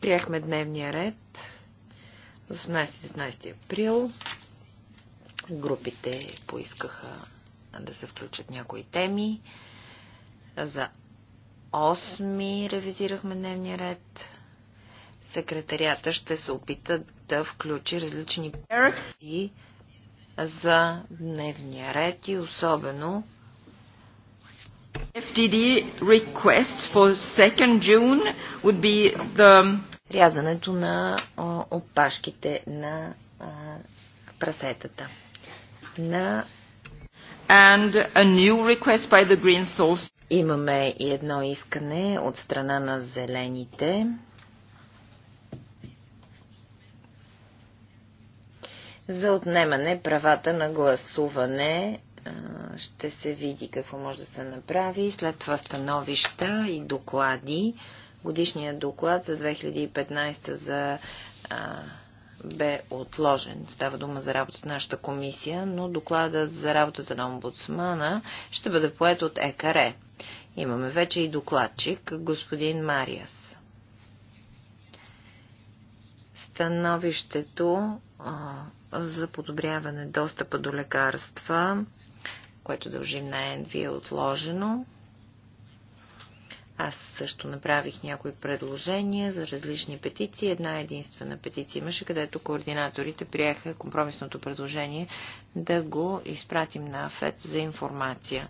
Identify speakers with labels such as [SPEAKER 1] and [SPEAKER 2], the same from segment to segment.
[SPEAKER 1] Приехме дневния ред 18-19 април. Групите поискаха да се включат някои теми. За 8 ревизирахме дневния ред. Секретарията ще се опита да включи различни и за дневния ред и особено FTD request for 2 June would be the... Рязането на опашките на а, прасетата. На and a new request by the Green Source. Имаме и едно искане от страна на зелените. за отнемане правата на гласуване ще се види какво може да се направи. След това становища и доклади. Годишният доклад за 2015 за а, бе отложен. Става дума за работата на нашата комисия, но доклада за работата на омбудсмана ще бъде поет от ЕКАРЕ. Имаме вече и докладчик, господин Мариас. Становището а, за подобряване достъпа до лекарства което дължим на НВ, е отложено. Аз също направих някои предложения за различни петиции. Една единствена петиция имаше, където координаторите приеха компромисното предложение да го изпратим на ФЕД за информация.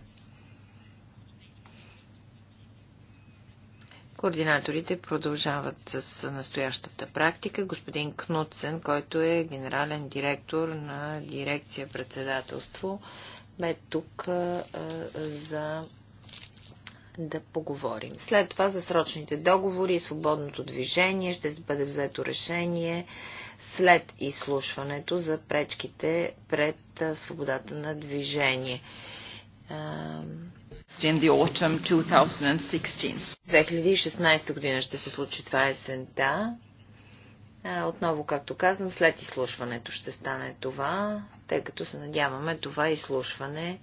[SPEAKER 1] Координаторите продължават с настоящата практика. Господин Кнутсен, който е генерален директор на дирекция председателство, бе тук за да поговорим. След това за срочните договори и свободното движение ще бъде взето решение след изслушването за пречките пред свободата на движение. 2016 година ще се случи това есента. Отново, както казвам, след изслушването ще стане това тъй като се надяваме това изслушване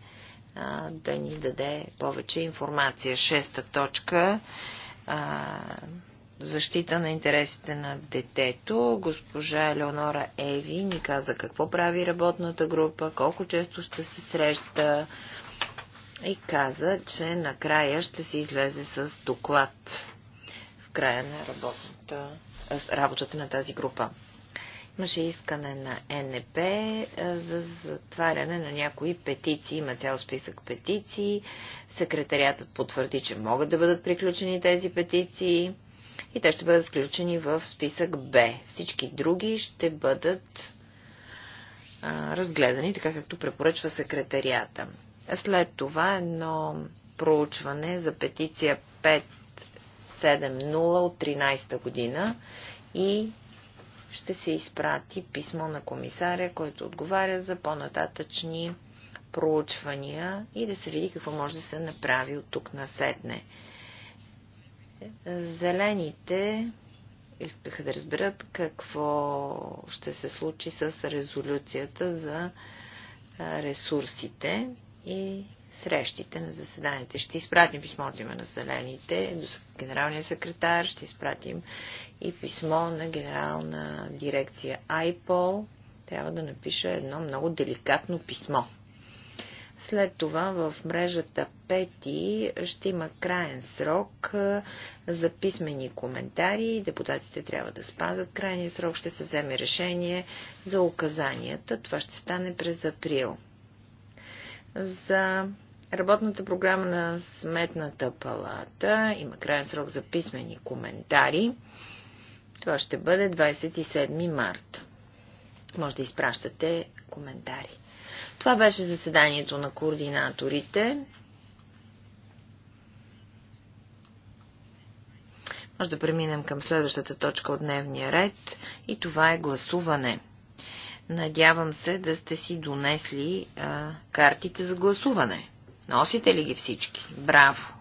[SPEAKER 1] а, да ни даде повече информация. Шеста точка. А, защита на интересите на детето. Госпожа Елеонора Еви ни каза какво прави работната група, колко често ще се среща и каза, че накрая ще се излезе с доклад в края на работата на тази група. Имаше искане на НП за затваряне на някои петиции. Има цял списък петиции. Секретариатът потвърди, че могат да бъдат приключени тези петиции и те ще бъдат включени в списък Б. Всички други ще бъдат а, разгледани, така както препоръчва секретарията. След това едно проучване за петиция 570 от 13 година и ще се изпрати писмо на комисаря, който отговаря за по-нататъчни проучвания и да се види какво може да се направи от тук на сетне. Зелените искаха да разберат какво ще се случи с резолюцията за ресурсите и срещите на заседанията. Ще изпратим писмо от име на зелените до генералния секретар, ще изпратим и писмо на генерална дирекция АйПол. Трябва да напиша едно много деликатно писмо. След това в мрежата Пети ще има краен срок за писмени коментари. Депутатите трябва да спазат крайния срок. Ще се вземе решение за указанията. Това ще стане през април за работната програма на Сметната палата. Има крайен срок за писмени коментари. Това ще бъде 27 март. Може да изпращате коментари. Това беше заседанието на координаторите. Може да преминем към следващата точка от дневния ред и това е гласуване. Надявам се да сте си донесли а, картите за гласуване. Носите ли ги всички? Браво!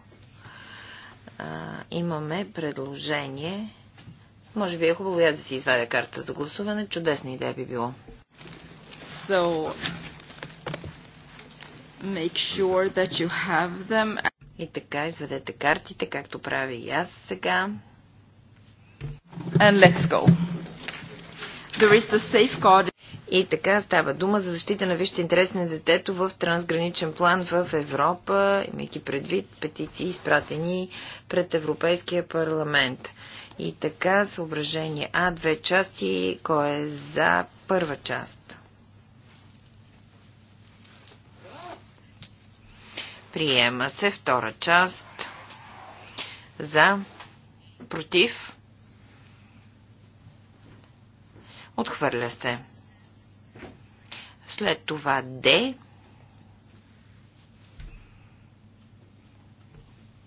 [SPEAKER 1] А, имаме предложение. Може би е хубаво аз да си извадя карта за гласуване. Чудесна идея би било. So, make sure that you have them. И така, изведете картите, както правя и аз сега. And let's go. There is the safeguard. И така става дума за защита на висшите интереси на детето в трансграничен план в Европа, имайки предвид петиции, изпратени пред Европейския парламент. И така, съображение А, две части, кой е за първа част? Приема се втора част. За, против, отхвърля се. След това D.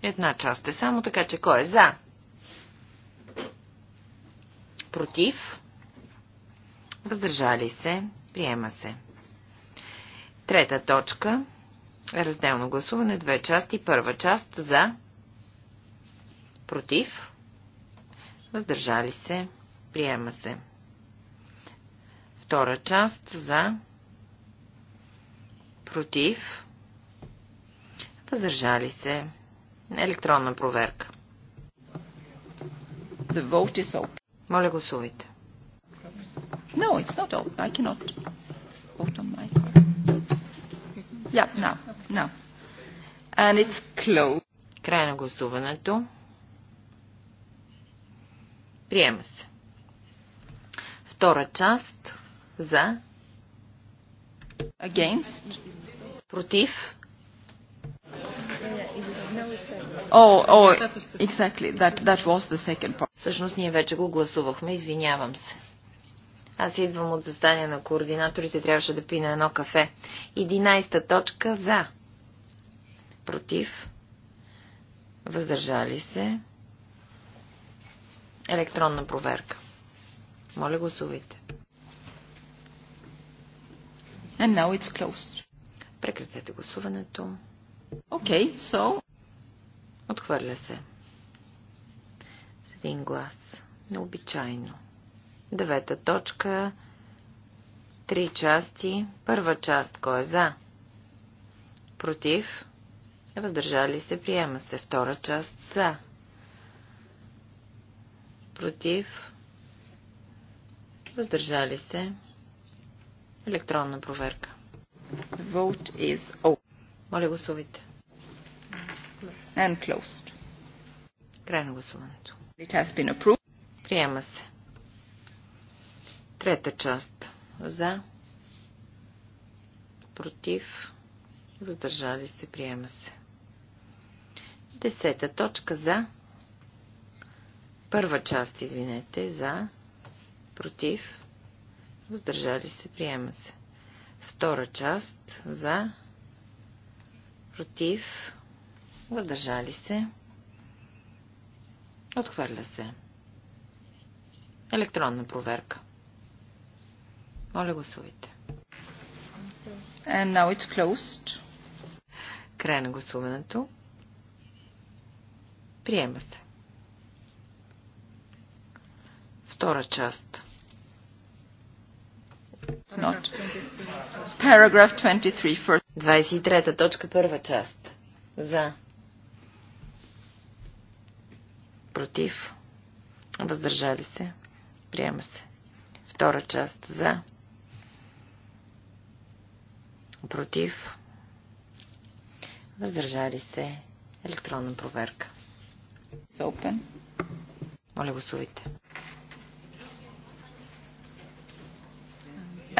[SPEAKER 1] Една част е само, така че кой е за? Против? Въздържали се? Приема се. Трета точка. Разделно гласуване. Две части. Първа част за. Против? Въздържали се? Приема се. Втора част за. Против. Въздържали се. Електронна проверка. The vote is open. Моля гласувайте. No, it's not open. I cannot vote on my... Yeah, now, No. And it's closed. Край на гласуването. Приема се. Втора част за Against Против? О, oh, о, oh, exactly. that, that was the second part. Всъщност ние вече го гласувахме, извинявам се. Аз идвам от застания на координаторите, трябваше да пина едно кафе. 11 точка за. Против. Въздържали се. Електронна проверка. Моля гласувайте. And now it's closed. Прекратете гласуването. Окей, okay, so... Отхвърля се. С един глас. Необичайно. Девета точка. Три части. Първа част. Кой е за? Против. Въздържали се. Приема се. Втора част. За. Против. Въздържали се. Електронна проверка. The vote is open. Моля гласувайте. And closed. Край на гласуването. It has been approved. Приема се. Трета част. За. Против. Въздържали се. Приема се. Десета точка за. Първа част, извинете, за. Против. Въздържали се. Приема се. Втора част за, против, въздържали се, отхвърля се. Електронна проверка. Моля гласувайте. And now it's closed. Край на гласуването. Приема се. Втора част. 23. First. 23 точка първа част. За. Против. Въздържали се. Приема се. Втора част. За. Против. Въздържали се. Електронна проверка. Open. Моля, гласувайте.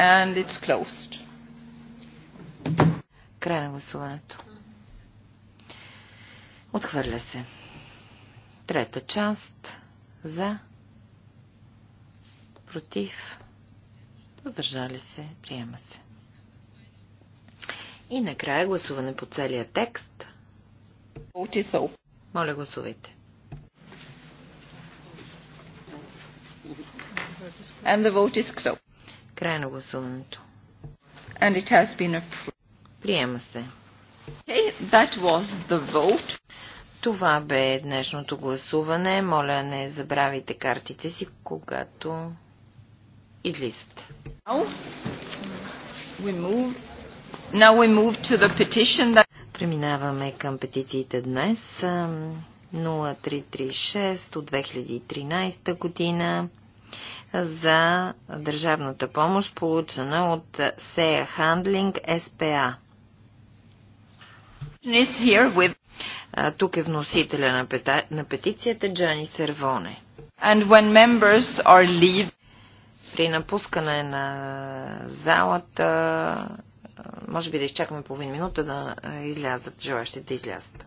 [SPEAKER 1] And it's closed. Край на гласуването. Отхвърля се. Трета част. За. Против. Въздържали се. Приема се. И накрая гласуване по целия текст. Моля, гласувайте. And the vote is closed. Край на гласуването. And it has been Приема се. Okay, that was the vote. Това бе днешното гласуване. Моля, не забравяйте картите си, когато излизате. That... Преминаваме към петициите днес. 0336 от 2013 година за държавната помощ, получена от SEA Handling SPA. Тук е вносителя на, пета... на петицията Джани Сервоне. And when members are leave... При напускане на залата, може би да изчакаме половин минута да излязат желащите да излязат.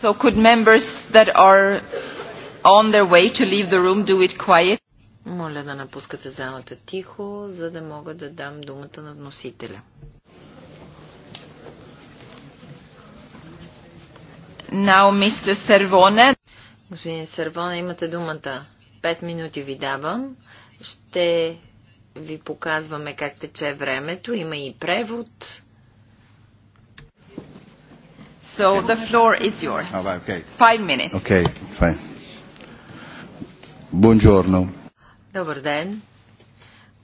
[SPEAKER 1] So could members that are on their way to leave the room do it quiet? Моля да напускате залата тихо, за да мога да дам думата на вносителя. Now, Mr. Servone. Господин Сервоне, имате думата. Пет минути ви давам. Ще ви показваме как тече времето. Има и превод. So the floor is yours. Oh, okay. Five minutes. Okay,
[SPEAKER 2] fine. Buongiorno.
[SPEAKER 1] Добър ден.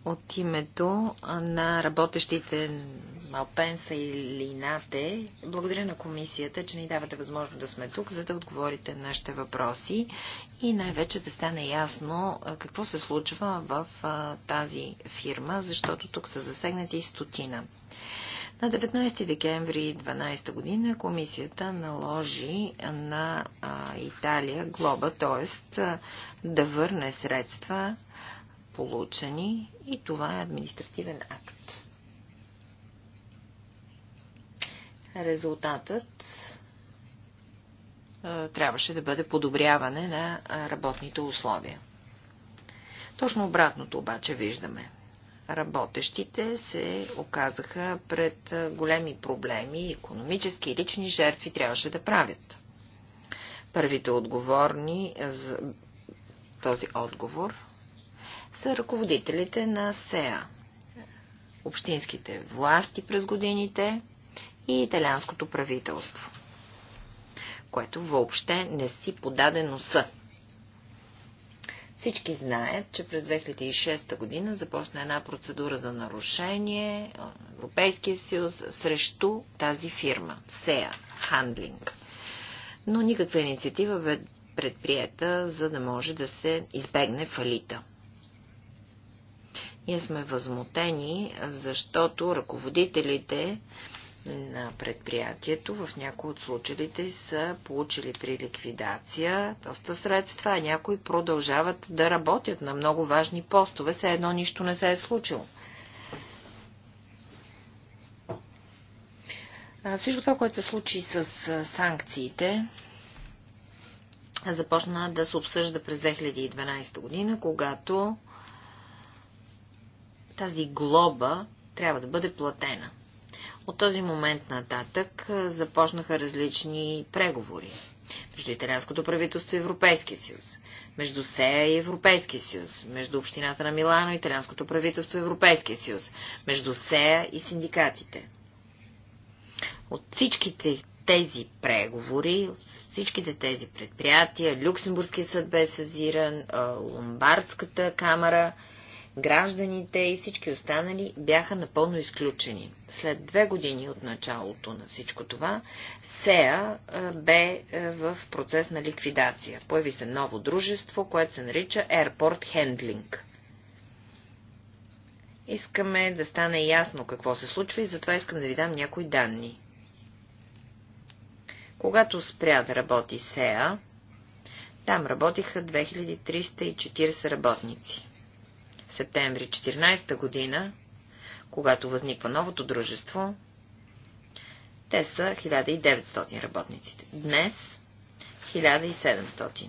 [SPEAKER 1] От името на работещите Малпенса и Линате, благодаря на комисията, че ни давате възможност да сме тук, за да отговорите на нашите въпроси и най-вече да стане ясно какво се случва в тази фирма, защото тук са засегнати и стотина. На 19 декември 2012 година комисията наложи на Италия глоба, т.е. да върне средства получени и това е административен акт. Резултатът трябваше да бъде подобряване на работните условия. Точно обратното обаче виждаме работещите се оказаха пред големи проблеми, економически и лични жертви трябваше да правят. Първите отговорни за този отговор са ръководителите на СЕА, общинските власти през годините и италианското правителство, което въобще не си подаде носа всички знаят, че през 2006 година започна една процедура за нарушение Европейския съюз срещу тази фирма, SEA Handling. Но никаква инициатива бе предприета, за да може да се избегне фалита. Ние сме възмутени, защото ръководителите на предприятието в някои от случаите са получили при ликвидация доста средства, а някои продължават да работят на много важни постове, все едно нищо не се е случило. Всичко това, което се случи с санкциите, започна да се обсъжда през 2012 година, когато тази глоба трябва да бъде платена. От този момент нататък започнаха различни преговори между италианското правителство и Европейския съюз, между СЕА и Европейския съюз, между Общината на Милано и италианското правителство и Европейския съюз, между СЕА и синдикатите. От всичките тези преговори, всичките тези предприятия, Люксембургския съд бе сезиран, Ломбардската камера – гражданите и всички останали бяха напълно изключени. След две години от началото на всичко това, СЕА бе в процес на ликвидация. Появи се ново дружество, което се нарича Airport Handling. Искаме да стане ясно какво се случва и затова искам да ви дам някои данни. Когато спря да работи СЕА, там работиха 2340 работници септември 14 година, когато възниква новото дружество, те са 1900 работниците. Днес 1700.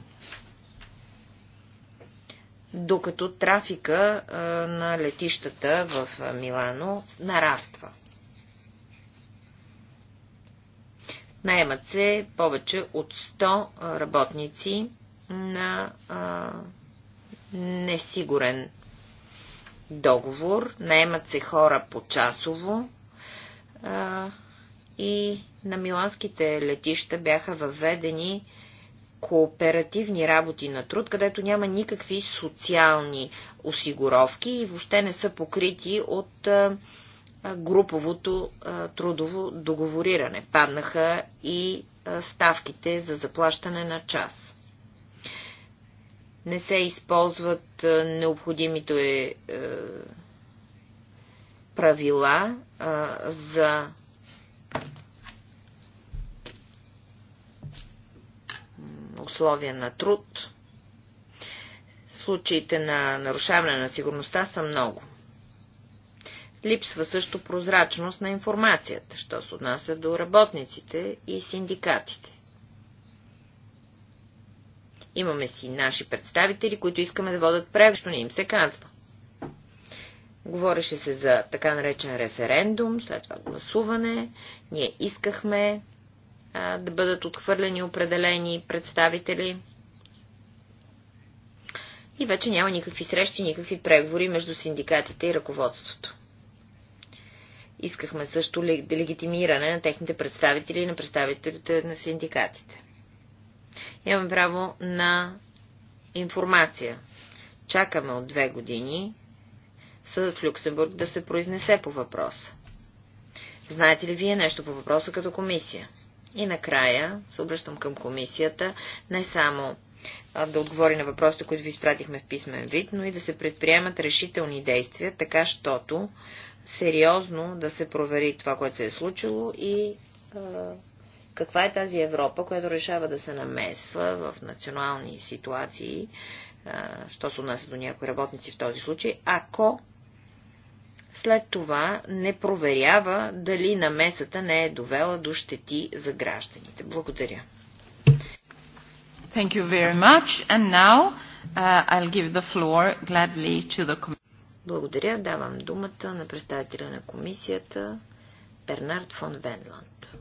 [SPEAKER 1] Докато трафика на летищата в Милано нараства. Наемат се повече от 100 работници на а, несигурен договор, наемат се хора по-часово и на миланските летища бяха въведени кооперативни работи на труд, където няма никакви социални осигуровки и въобще не са покрити от груповото трудово договориране. Паднаха и ставките за заплащане на час не се използват необходимите е, правила е, за условия на труд. Случаите на нарушаване на сигурността са много. Липсва също прозрачност на информацията, що се отнася до работниците и синдикатите. Имаме си наши представители, които искаме да водят превещо, не им се казва. Говореше се за така наречен референдум, след това гласуване. Ние искахме а, да бъдат отхвърлени определени представители. И вече няма никакви срещи, никакви преговори между синдикатите и ръководството. Искахме също легитимиране на техните представители и на представителите на синдикатите. Имаме право на информация. Чакаме от две години съдът в Люксембург да се произнесе по въпроса. Знаете ли вие нещо по въпроса като комисия? И накрая се обръщам към комисията не само да отговори на въпросите, които ви изпратихме в писмен вид, но и да се предприемат решителни действия, така щото сериозно да се провери това, което се е случило и каква е тази Европа, която решава да се намесва в национални ситуации, що се отнася до някои работници в този случай, ако след това не проверява дали намесата не е довела до щети за гражданите. Благодаря. Thank you very much. And now uh, I'll give the floor gladly to the Благодаря. Давам думата на представителя на комисията Бернард фон Венланд.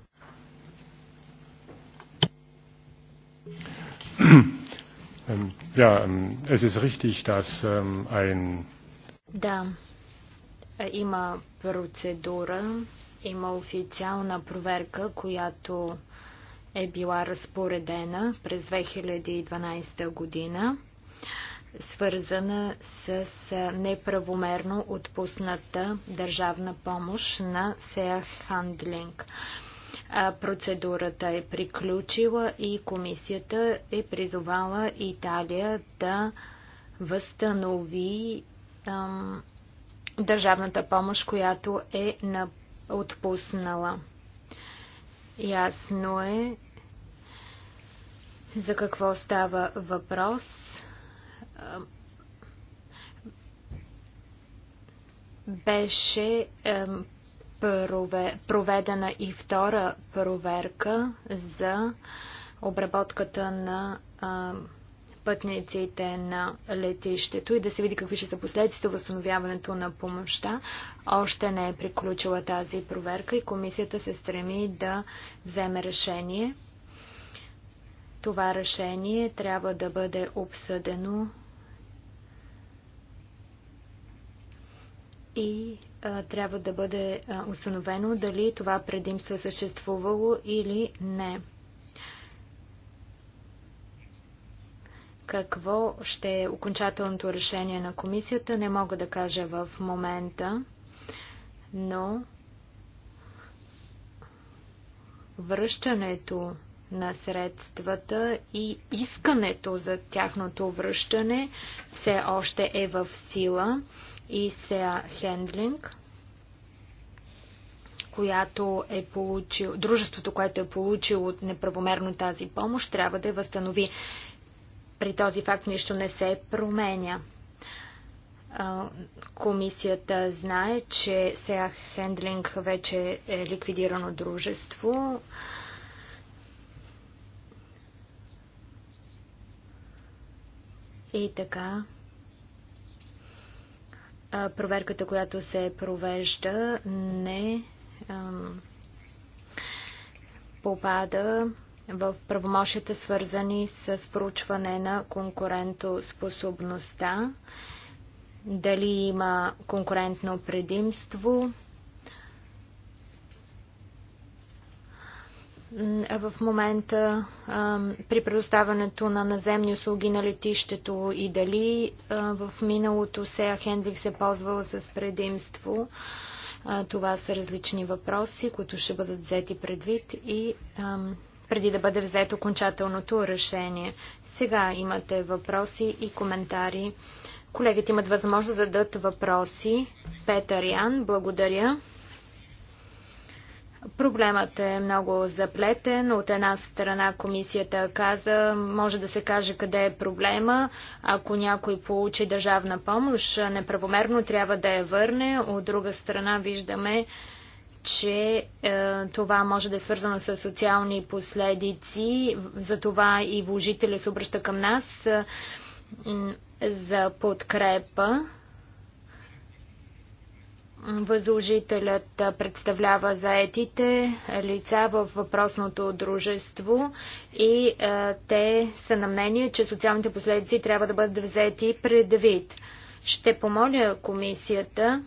[SPEAKER 3] Ja, ähm, es ist richtig,
[SPEAKER 4] dass ähm, ein...
[SPEAKER 3] Да, има процедура, има официална проверка, която е била разпоредена през 2012 година, свързана с неправомерно отпусната държавна помощ на SEA Handling. Процедурата е приключила и комисията е призовала Италия да възстанови ам, държавната помощ, която е на, отпуснала. Ясно е за какво става въпрос. Беше проведена и втора проверка за обработката на пътниците на летището и да се види какви ще са последствията възстановяването на помощта. Още не е приключила тази проверка и комисията се стреми да вземе решение. Това решение трябва да бъде обсъдено и а, трябва да бъде а, установено дали това предимство е съществувало или не. Какво ще е окончателното решение на комисията, не мога да кажа в момента, но връщането на средствата и искането за тяхното връщане все още е в сила и Сеа Хендлинг, която е получил, дружеството, което е получило неправомерно тази помощ, трябва да я възстанови. При този факт нищо не се променя. Комисията знае, че сега Хендлинг вече е ликвидирано дружество. И така проверката, която се провежда, не попада в правомощите, свързани с проучване на конкурентоспособността, дали има конкурентно предимство, Е в момента при предоставянето на наземни услуги на летището и дали в миналото Сея Хендлик се е ползвала с предимство. това са различни въпроси, които ще бъдат взети предвид и преди да бъде взето окончателното решение. Сега имате въпроси и коментари. Колегите имат възможност да дадат въпроси. Петър Ян, благодаря. Проблемът е много заплетен. От една страна комисията каза, може да се каже къде е проблема. Ако някой получи държавна помощ, неправомерно трябва да я върне. От друга страна виждаме, че е, това може да е свързано с социални последици. Затова и вложителя се обръща към нас е, за подкрепа. Възложителят представлява заетите лица в въпросното дружество и а, е, те са на мнение, че социалните последици трябва да бъдат взети предвид. Ще помоля комисията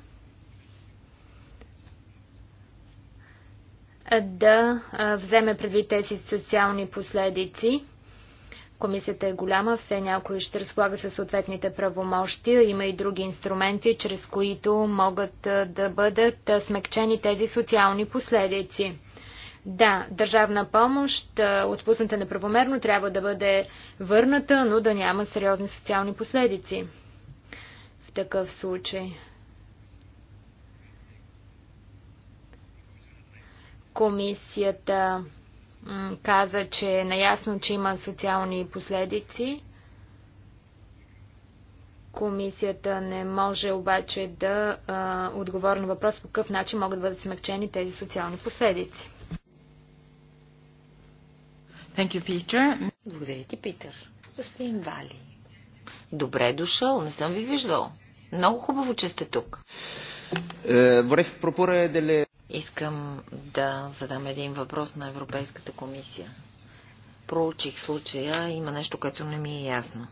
[SPEAKER 3] да е, вземе предвид тези социални последици. Комисията е голяма, все някой ще разполага със съответните правомощия. Има и други инструменти, чрез които могат да бъдат смекчени тези социални последици. Да, държавна помощ, отпусната неправомерно, трябва да бъде върната, но да няма сериозни социални последици. В такъв случай. Комисията каза, че е наясно, че има социални последици. Комисията не може обаче да а, отговори на въпрос по какъв начин могат да бъдат смягчени тези социални последици. Thank you, Peter. Благодаря ти, Питър. Господин Вали.
[SPEAKER 1] Добре е дошъл, не съм ви виждал. Много хубаво, че сте тук. Uh, Искам да задам един въпрос на Европейската комисия. Проучих случая, има нещо, което не ми е ясно.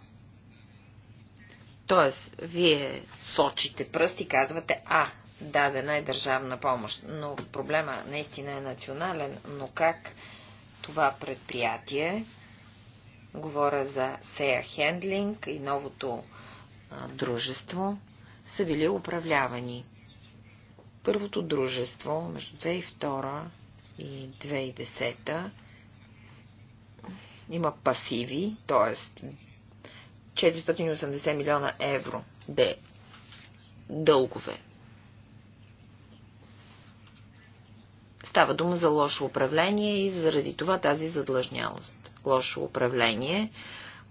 [SPEAKER 1] Тоест, вие сочите пръст и казвате, а, дадена е държавна помощ. Но проблема наистина е национален, но как това предприятие, говоря за Сея Хендлинг и новото а, дружество, са били управлявани. Първото дружество между 2002 и 2010 има пасиви, т.е. 480 милиона евро де дългове. Става дума за лошо управление и заради това тази задлъжнялост. Лошо управление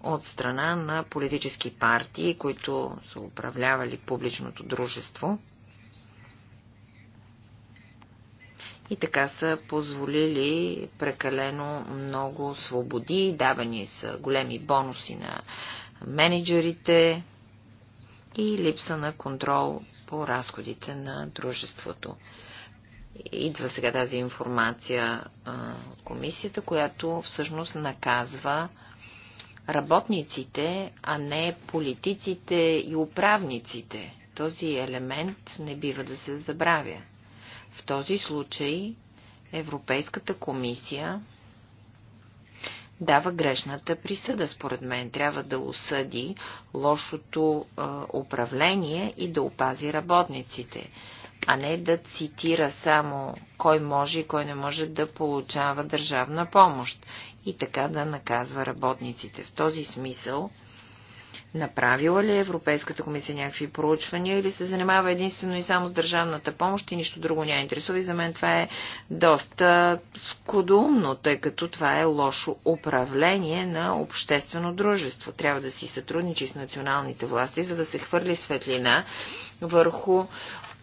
[SPEAKER 1] от страна на политически партии, които са управлявали публичното дружество – и така са позволили прекалено много свободи, давани са големи бонуси на менеджерите и липса на контрол по разходите на дружеството. Идва сега тази информация от комисията, която всъщност наказва работниците, а не политиците и управниците. Този елемент не бива да се забравя. В този случай Европейската комисия дава грешната присъда, според мен. Трябва да осъди лошото е, управление и да опази работниците, а не да цитира само кой може и кой не може да получава държавна помощ и така да наказва работниците. В този смисъл Направила ли Европейската комисия някакви проучвания или се занимава единствено и само с държавната помощ и нищо друго няма интересува? И за мен това е доста скудумно, тъй като това е лошо управление на обществено дружество. Трябва да си сътрудничи с националните власти, за да се хвърли светлина върху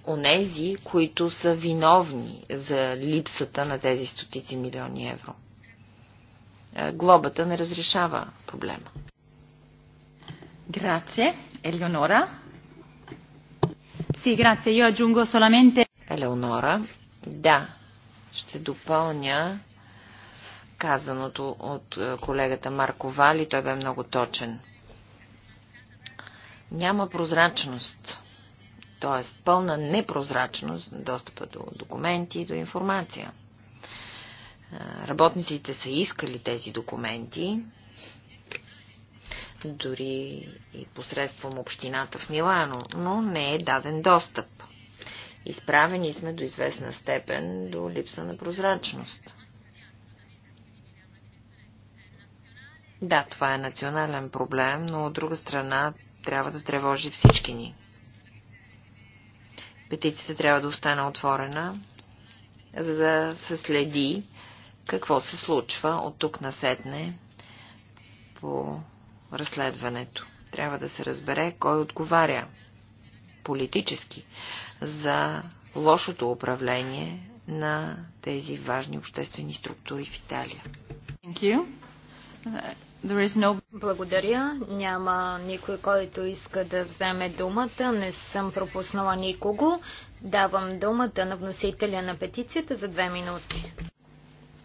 [SPEAKER 1] онези, които са виновни за липсата на тези стотици милиони евро. Е, глобата не разрешава проблема. Grazie. Eleonora?
[SPEAKER 3] Sì, grazie. Io aggiungo solamente...
[SPEAKER 1] Елеонора, да, ще допълня казаното от е, колегата Марко Вали. Той бе много точен. Няма прозрачност, т.е. пълна непрозрачност на достъпа до документи и до информация. Е, работниците са искали тези документи, дори и посредством общината в Милано, но не е даден достъп. Изправени сме до известна степен до липса на прозрачност. Да, това е национален проблем, но от друга страна трябва да тревожи всички ни. Петицията трябва да остане отворена, за да се следи какво се случва от тук насетне по разследването. Трябва да се разбере кой отговаря политически за лошото управление на тези важни обществени структури в Италия. No...
[SPEAKER 3] Благодаря. Няма никой, който иска да вземе думата. Не съм пропуснала никого. Давам думата на вносителя на петицията за две минути.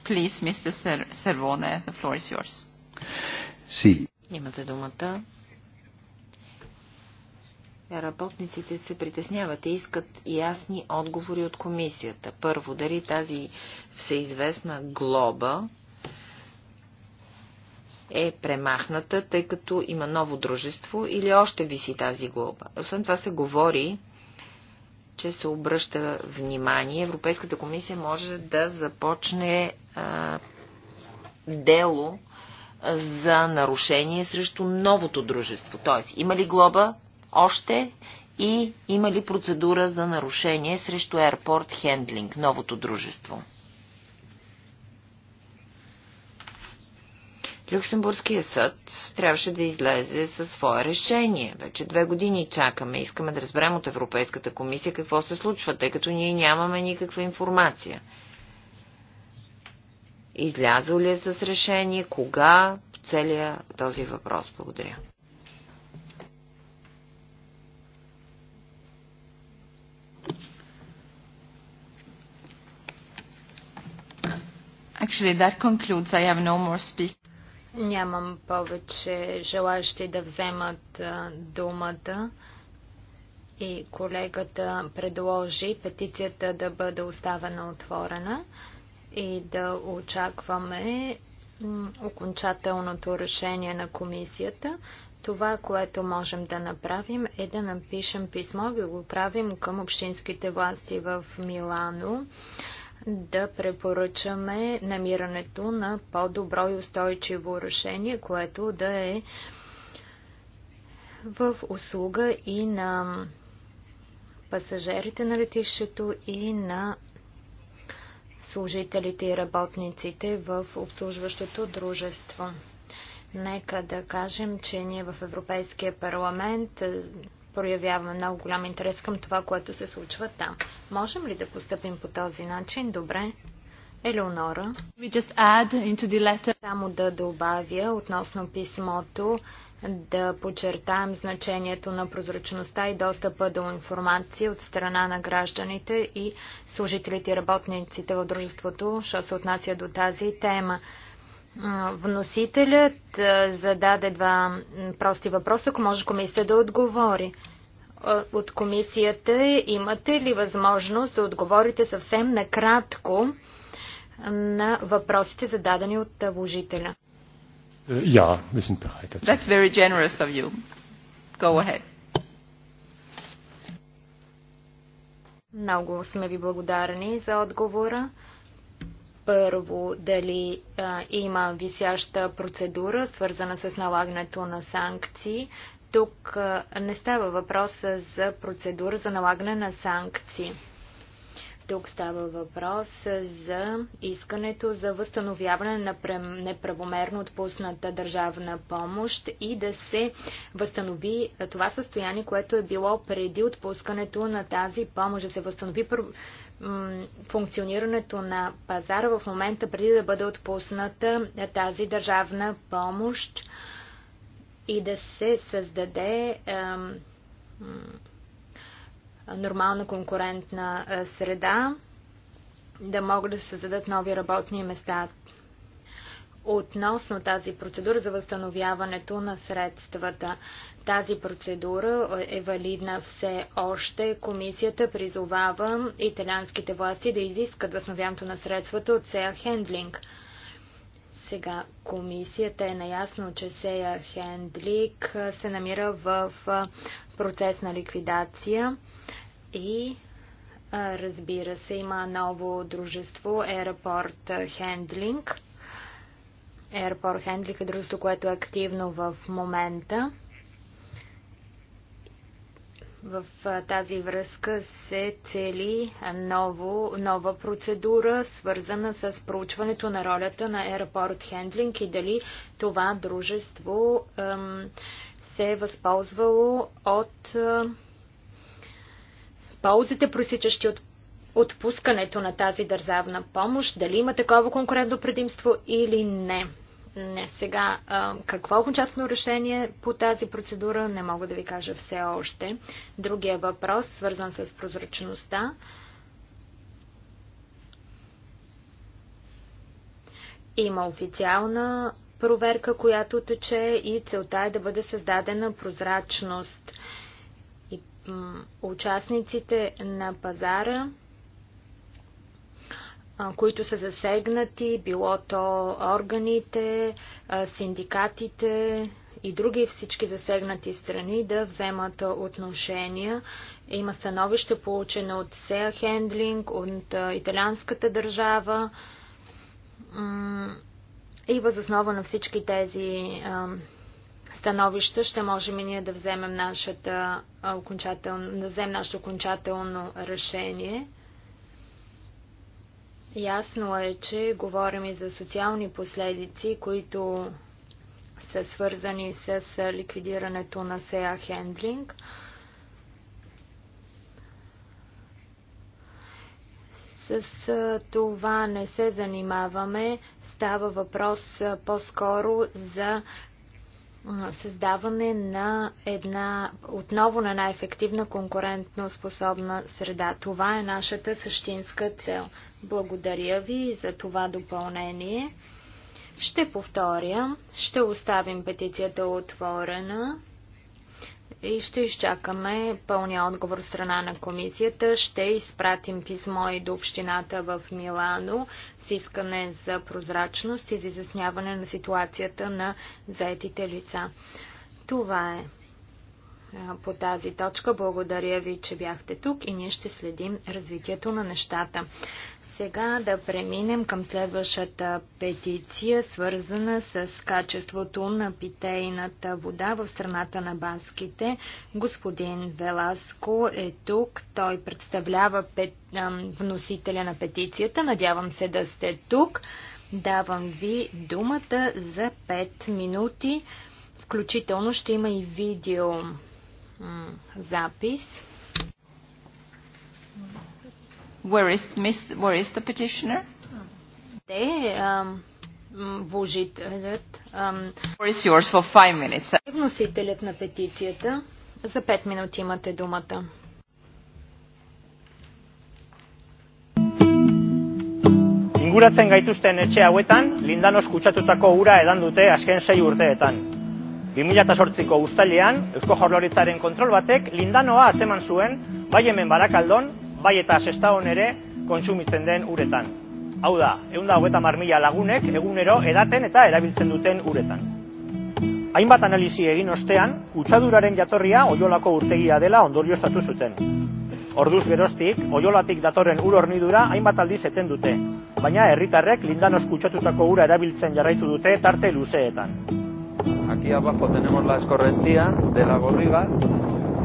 [SPEAKER 1] Please, Mr. Servone, the floor is yours. Sí. Имате думата. Работниците се притесняват и искат ясни отговори от комисията. Първо, дали тази всеизвестна глоба е премахната, тъй като има ново дружество или още виси тази глоба. Освен това се говори, че се обръща внимание. Европейската комисия може да започне а, дело за нарушение срещу новото дружество. Т.е. има ли глоба още и има ли процедура за нарушение срещу Airport Handling, новото дружество? Люксембургския съд трябваше да излезе със свое решение. Вече две години чакаме. Искаме да разберем от Европейската комисия какво се случва, тъй като ние нямаме никаква информация. Излязъл ли е с решение? Кога? По целия този въпрос. Благодаря. Actually, that concludes. I have no more speak.
[SPEAKER 3] Нямам повече желащи да вземат думата и колегата предложи петицията да бъде оставена отворена и да очакваме окончателното решение на комисията. Това, което можем да направим е да напишем писмо, да го правим към общинските власти в Милано, да препоръчаме намирането на по-добро и устойчиво решение, което да е в услуга и на пасажирите на летището и на служителите и работниците в обслужващото дружество. Нека да кажем, че ние в Европейския парламент е, проявяваме много голям интерес към това, което се случва там. Можем ли да поступим по този начин? Добре. Елеонора. We just add into the letter. Само да добавя относно писмото да подчертаем значението на прозрачността и достъпа до информация от страна на гражданите и служителите и работниците в дружеството, що се отнася до тази тема. Вносителят зададе два прости въпроса, ако може комисията да отговори. От комисията имате ли възможност да отговорите съвсем накратко? на въпросите, зададени от вложителя. Ja,
[SPEAKER 4] wir sind bereit dazu. That's
[SPEAKER 3] very generous of you. Go ahead. Много сме ви благодарни за отговора. Първо, дали а, има висяща процедура, свързана с налагането на санкции. Тук а, не става въпрос за процедура за налагане на санкции. Тук става въпрос за искането за възстановяване на неправомерно отпусната държавна помощ и да се възстанови това състояние, което е било преди отпускането на тази помощ, да се възстанови функционирането на пазара в момента преди да бъде отпусната тази държавна помощ и да се създаде нормална конкурентна среда, да могат да създадат нови работни места. Относно тази процедура за възстановяването на средствата, тази процедура е валидна все още. Комисията призовава италианските власти да изискат възстановяването на средствата от Сея Хендлинг. Сега комисията е наясно, че Сея Хендлик се намира в процес на ликвидация. И разбира се, има ново дружество Airport Handling. Airport Handling е дружество, което е активно в момента. В тази връзка се цели ново, нова процедура, свързана с проучването на ролята на Airport Handling и дали това дружество ем, се е възползвало от ем, ползите, просичащи от отпускането на тази държавна помощ, дали има такова конкурентно предимство или не. Не, сега какво е окончателно решение по тази процедура не мога да ви кажа все още. Другия въпрос, свързан с прозрачността. Има официална проверка, която тече и целта е да бъде създадена прозрачност участниците на пазара, които са засегнати, било то органите, синдикатите и други всички засегнати страни да вземат отношения. Има становище получено от SEA Handling, от италианската държава и възоснова на всички тези становища ще можем и ние да вземем, нашата, окончателно, да вземем нашето окончателно решение. Ясно е, че говорим и за социални последици, които са свързани с ликвидирането на SEA Handling. С това не се занимаваме. Става въпрос по-скоро за създаване на една, отново на най-ефективна конкурентно способна среда. Това е нашата същинска цел. Благодаря ви за това допълнение. Ще повторя, ще оставим петицията отворена и ще изчакаме пълния отговор от страна на комисията. Ще изпратим писмо и до общината в Милано с искане за прозрачност и за изясняване на ситуацията на заетите лица. Това е по тази точка. Благодаря ви, че бяхте тук и ние ще следим развитието на нещата сега да преминем към следващата петиция, свързана с качеството на питейната вода в страната на Баските. Господин Веласко е тук. Той представлява пет, вносителя на петицията. Надявам се да сте тук. Давам ви думата за 5 минути. Включително ще има и видео запис. Thank you. Where is, miss, where is the petitioner? вложителят, where is yours for five minutes? вносителят на петицията. За 5 минути имате думата.
[SPEAKER 5] Inguratzen gaituzten etxe hauetan, lindanos kutsatutako ura edan dute azken sei urteetan. 2008ko ustailean, Eusko Jaurlaritzaren kontrol batek lindanoa atzeman zuen, bai hemen barakaldon, bai eta sestaon ere kontsumitzen den uretan. Hau da, egun da hogeta marmila lagunek egunero edaten eta erabiltzen duten uretan. Hainbat analizi egin ostean, kutsaduraren jatorria oiolako urtegia dela ondorio estatu zuten. Orduz geroztik, oiolatik datorren ur hornidura hainbat aldiz eten dute, baina herritarrek lindanos kutsatutako ura erabiltzen jarraitu dute tarte luzeetan.
[SPEAKER 2] Aquí abajo tenemos la escorrentía de la Gorriba,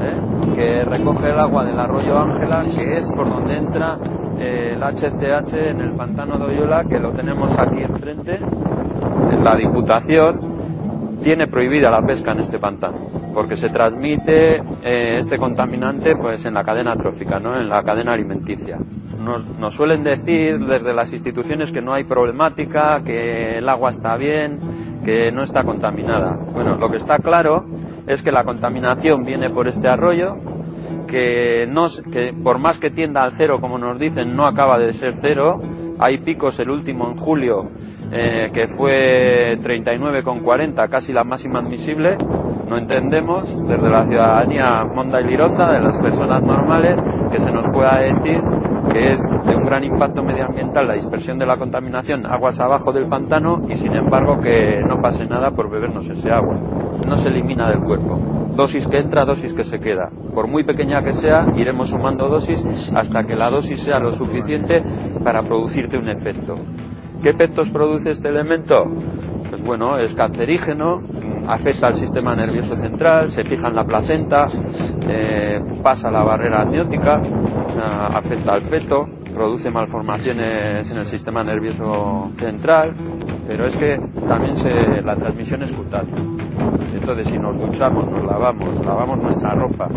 [SPEAKER 2] ¿eh? que recoge el agua del arroyo Ángela, que es por donde entra eh, el HCH en el pantano de Oyola, que lo tenemos aquí enfrente. La Diputación tiene prohibida la pesca en este pantano, porque se transmite eh, este contaminante pues en la cadena trófica, ¿no? en la cadena alimenticia. Nos, nos suelen decir desde las instituciones que no hay problemática, que el agua está bien, que no está contaminada. Bueno, lo que está claro es que la contaminación viene por este arroyo, que, no, que por más que tienda al cero, como nos dicen, no acaba de ser cero. Hay picos, el último en julio, eh, que fue 39,40, casi la máxima admisible. No entendemos, desde la ciudadanía monda y lironda, de las personas normales, que se nos pueda decir que es de un gran impacto medioambiental la dispersión de la contaminación aguas abajo del pantano y sin embargo que no pase nada por bebernos ese agua. No se elimina del cuerpo. Dosis que entra, dosis que se queda. Por muy pequeña que sea, iremos sumando dosis hasta que la dosis sea lo suficiente para producirte un efecto. ¿Qué efectos produce este elemento? Pues bueno, es cancerígeno, afecta al sistema nervioso central, se fija en la placenta, eh, pasa la barrera amniótica, afecta al feto, produce malformaciones en el sistema nervioso central, pero es que también se, la transmisión es cutánea. Entonces, si nos duchamos, nos lavamos, lavamos nuestra ropa,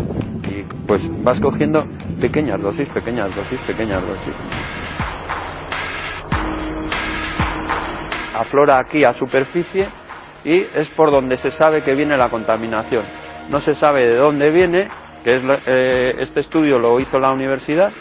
[SPEAKER 2] y pues vas cogiendo pequeñas dosis, pequeñas dosis, pequeñas dosis. Aflora aquí a superficie y es por donde se sabe que viene la contaminación no se sabe de dónde viene, que es, eh, este estudio lo hizo la universidad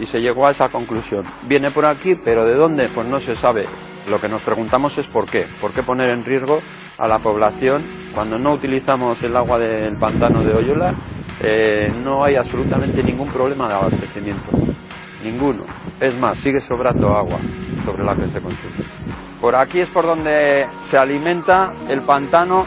[SPEAKER 2] y se llegó a esa conclusión. Viene por aquí, pero de dónde, pues no se sabe. Lo que nos preguntamos es por qué. ¿Por qué poner en riesgo a la población cuando no utilizamos el agua del pantano de Oyola? Eh, no hay absolutamente ningún problema de abastecimiento. Ninguno. Es más, sigue sobrando agua sobre la que se consume. Por aquí es por donde se alimenta el pantano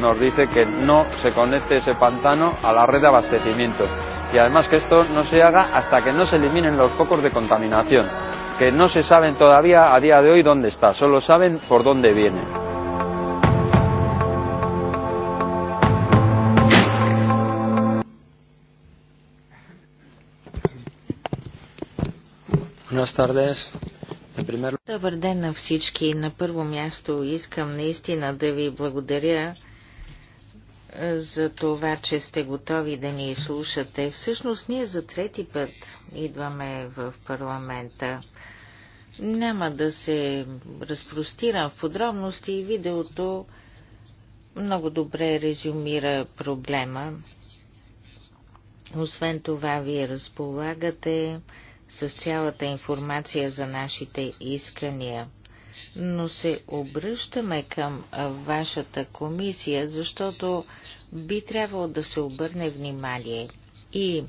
[SPEAKER 2] nos dice que no se conecte ese pantano a la red de abastecimiento y además que esto no se haga hasta que no se eliminen los focos de contaminación, que no se saben todavía a día de hoy dónde está, solo saben por dónde viene. Buenas tardes.
[SPEAKER 4] Добър ден на всички. На първо място искам наистина да ви благодаря за това, че сте готови да ни слушате. Всъщност ние за трети път идваме в парламента. Няма да се разпростирам в подробности. Видеото много добре резюмира проблема. Освен това, вие разполагате с цялата информация за нашите искания – но се обръщаме към вашата комисия, защото би трябвало да се обърне внимание и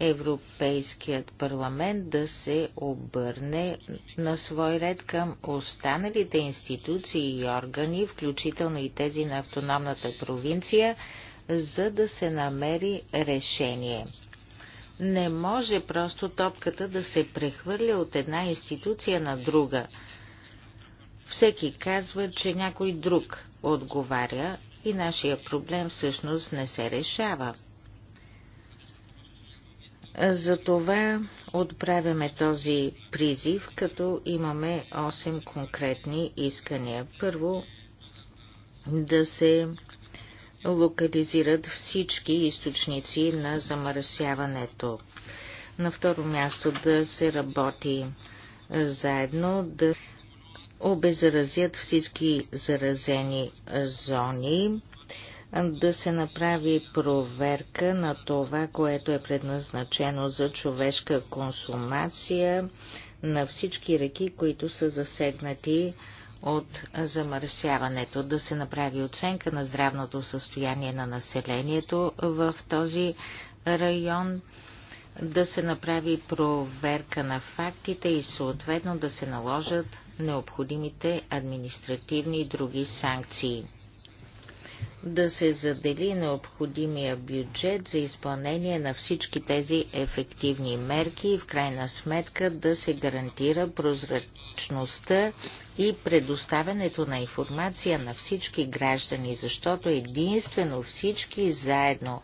[SPEAKER 4] Европейският парламент да се обърне на свой ред към останалите институции и органи, включително и тези на автономната провинция, за да се намери решение. Не може просто топката да се прехвърля от една институция на друга – всеки казва, че някой друг отговаря и нашия проблем всъщност не се решава. Затова отправяме този призив, като имаме 8 конкретни искания. Първо, да се локализират всички източници на замърсяването. На второ място да се работи заедно, да Обезразят всички заразени зони, да се направи проверка на това, което е предназначено за човешка консумация на всички реки, които са засегнати от замърсяването, да се направи оценка на здравното състояние на населението в този район, да се направи проверка на фактите и съответно да се наложат необходимите административни и други санкции. Да се задели необходимия бюджет за изпълнение на всички тези ефективни мерки и в крайна сметка да се гарантира прозрачността и предоставянето на информация на всички граждани, защото единствено всички заедно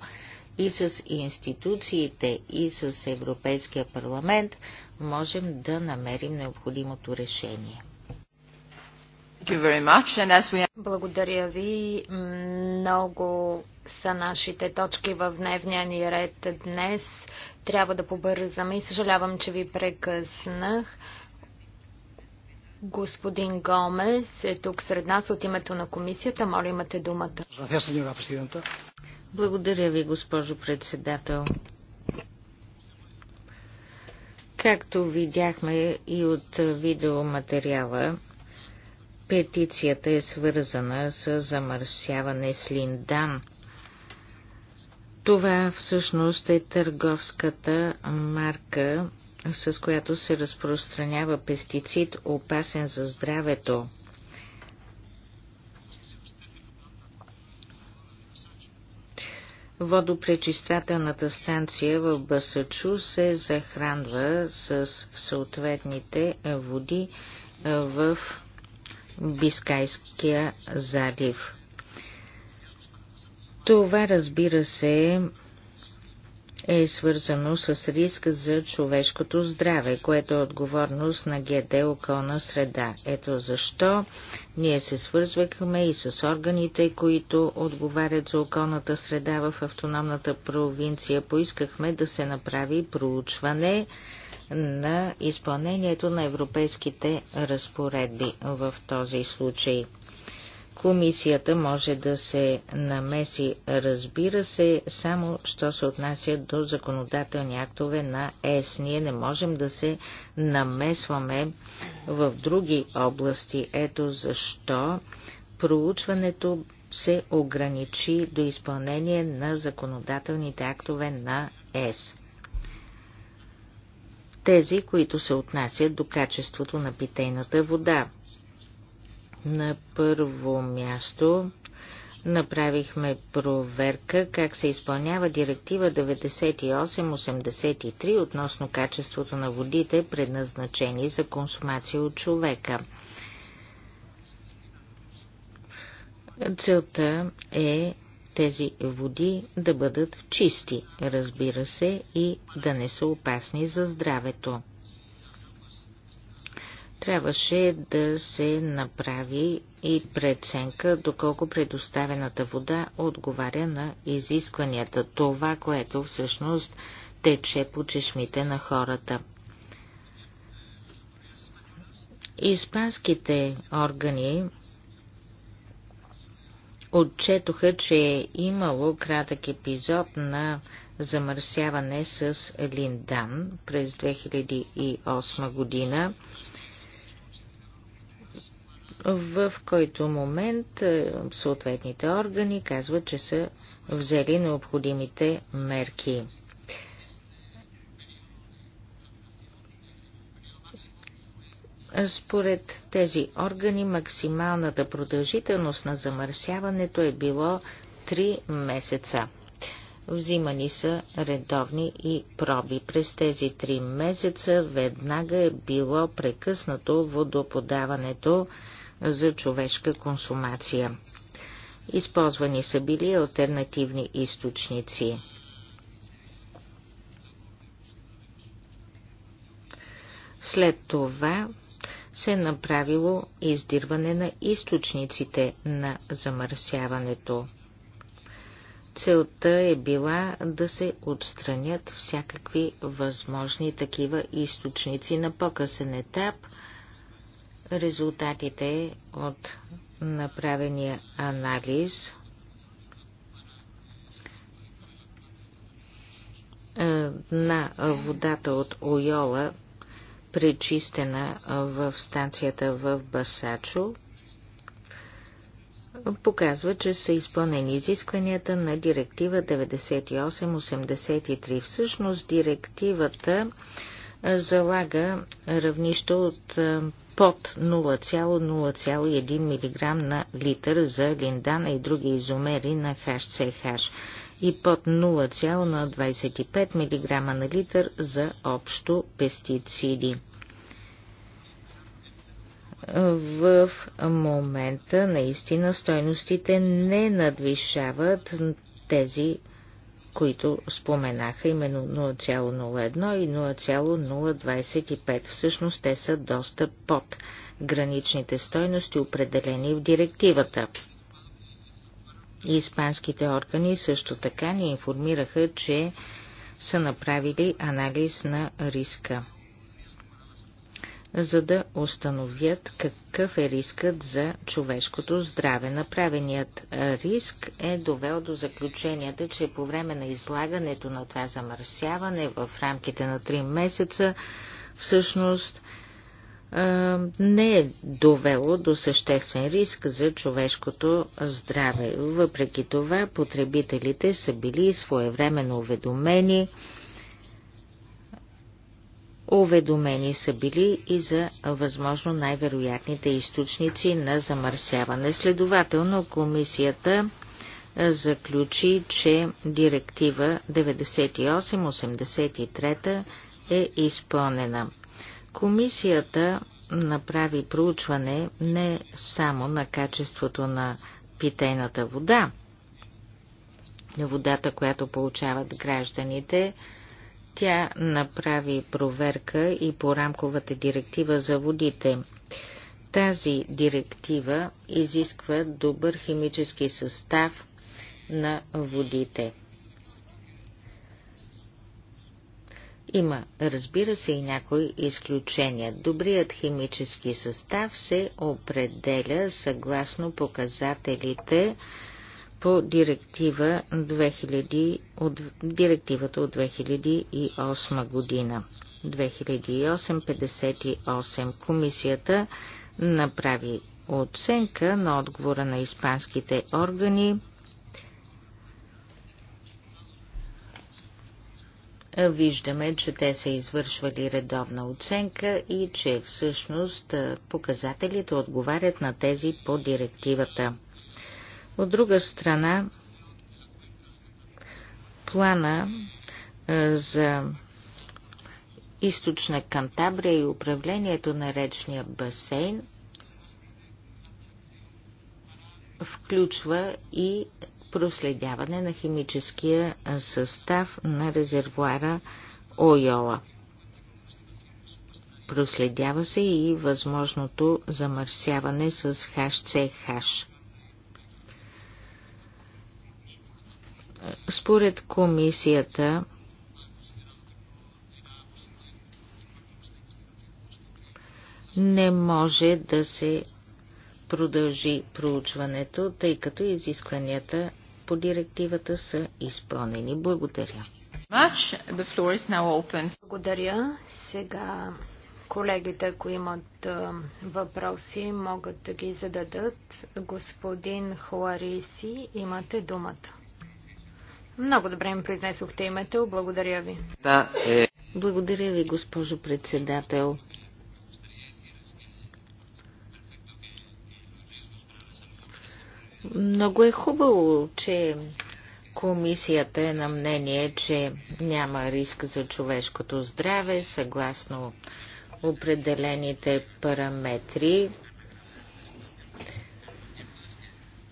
[SPEAKER 4] и с институциите, и с Европейския парламент можем да намерим необходимото решение.
[SPEAKER 3] Благодаря ви. Много са нашите точки в дневния ни ред днес. Трябва да побързаме и съжалявам, че ви прекъснах. Господин Гомес е тук сред нас от името на комисията. Моля, имате думата.
[SPEAKER 4] Благодаря ви, госпожо председател. Както видяхме и от видеоматериала, петицията е свързана с замърсяване с линдан. Това всъщност е търговската марка, с която се разпространява пестицид, опасен за здравето. Водопречистателната станция в Басачу се захранва с съответните води в Бискайския залив. Това, разбира се, е свързано с риск за човешкото здраве, което е отговорност на ГД околна среда. Ето защо ние се свързвахме и с органите, които отговарят за околната среда в автономната провинция. Поискахме да се направи проучване на изпълнението на европейските разпоредби в този случай. Комисията може да се намеси, разбира се, само що се отнася до законодателни актове на ЕС. Ние не можем да се намесваме в други области. Ето защо проучването се ограничи до изпълнение на законодателните актове на ЕС. Тези, които се отнасят до качеството на питейната вода. На първо място направихме проверка как се изпълнява директива 9883 относно качеството на водите, предназначени за консумация от човека. Целта е тези води да бъдат чисти, разбира се, и да не са опасни за здравето трябваше да се направи и преценка доколко предоставената вода отговаря на изискванията, това, което всъщност тече по чешмите на хората. Испанските органи отчетоха, че е имало кратък епизод на замърсяване с линдан през 2008 година в който момент е, съответните органи казват, че са взели необходимите мерки. Според тези органи максималната продължителност на замърсяването е било 3 месеца. Взимани са редовни и проби. През тези 3 месеца веднага е било прекъснато водоподаването за човешка консумация. Използвани са били альтернативни източници. След това се е направило издирване на източниците на замърсяването. Целта е била да се отстранят всякакви възможни такива източници на по-късен етап – резултатите от направения анализ е, на водата от Ойола, пречистена в станцията в Басачо, показва, че са изпълнени изискванията на директива 9883. Всъщност директивата залага равнище от е, под 0,0,1 мг на литър за линдана и други изомери на HCH и под 0,25 мг на литър за общо пестициди. В момента наистина стойностите не надвишават тези които споменаха, именно 0,01 и 0,025. Всъщност те са доста под граничните стойности, определени в директивата. Испанските органи също така ни информираха, че са направили анализ на риска за да установят какъв е рискът за човешкото здраве. Направеният риск е довел до заключенията, че по време на излагането на това замърсяване в рамките на 3 месеца всъщност не е довело до съществен риск за човешкото здраве. Въпреки това, потребителите са били своевременно уведомени Уведомени са били и за възможно най-вероятните източници на замърсяване. Следователно, комисията заключи, че директива 9883 е изпълнена. Комисията направи проучване не само на качеството на питейната вода, водата, която получават гражданите, тя направи проверка и по рамковата директива за водите. Тази директива изисква добър химически състав на водите. Има, разбира се, и някои изключения. Добрият химически състав се определя съгласно показателите по директива 2000, от, директивата от 2008 година. 2008-58 комисията направи оценка на отговора на испанските органи. Виждаме, че те са извършвали редовна оценка и че всъщност показателите отговарят на тези по директивата. От друга страна, плана за източна Кантабрия и управлението на речния басейн включва и проследяване на химическия състав на резервуара Ойола. Проследява се и възможното замърсяване с HCH. Според комисията, не може да се продължи проучването, тъй като изискванията по директивата са изпълнени. Благодаря.
[SPEAKER 3] Благодаря. Сега колегите, ако имат въпроси, могат да ги зададат. Господин Хуариси, имате думата. Много добре им произнесохте името. Благодаря ви.
[SPEAKER 4] Да, е... Благодаря ви, госпожо председател. Много е хубаво, че комисията е на мнение, че няма риск за човешкото здраве, съгласно определените параметри.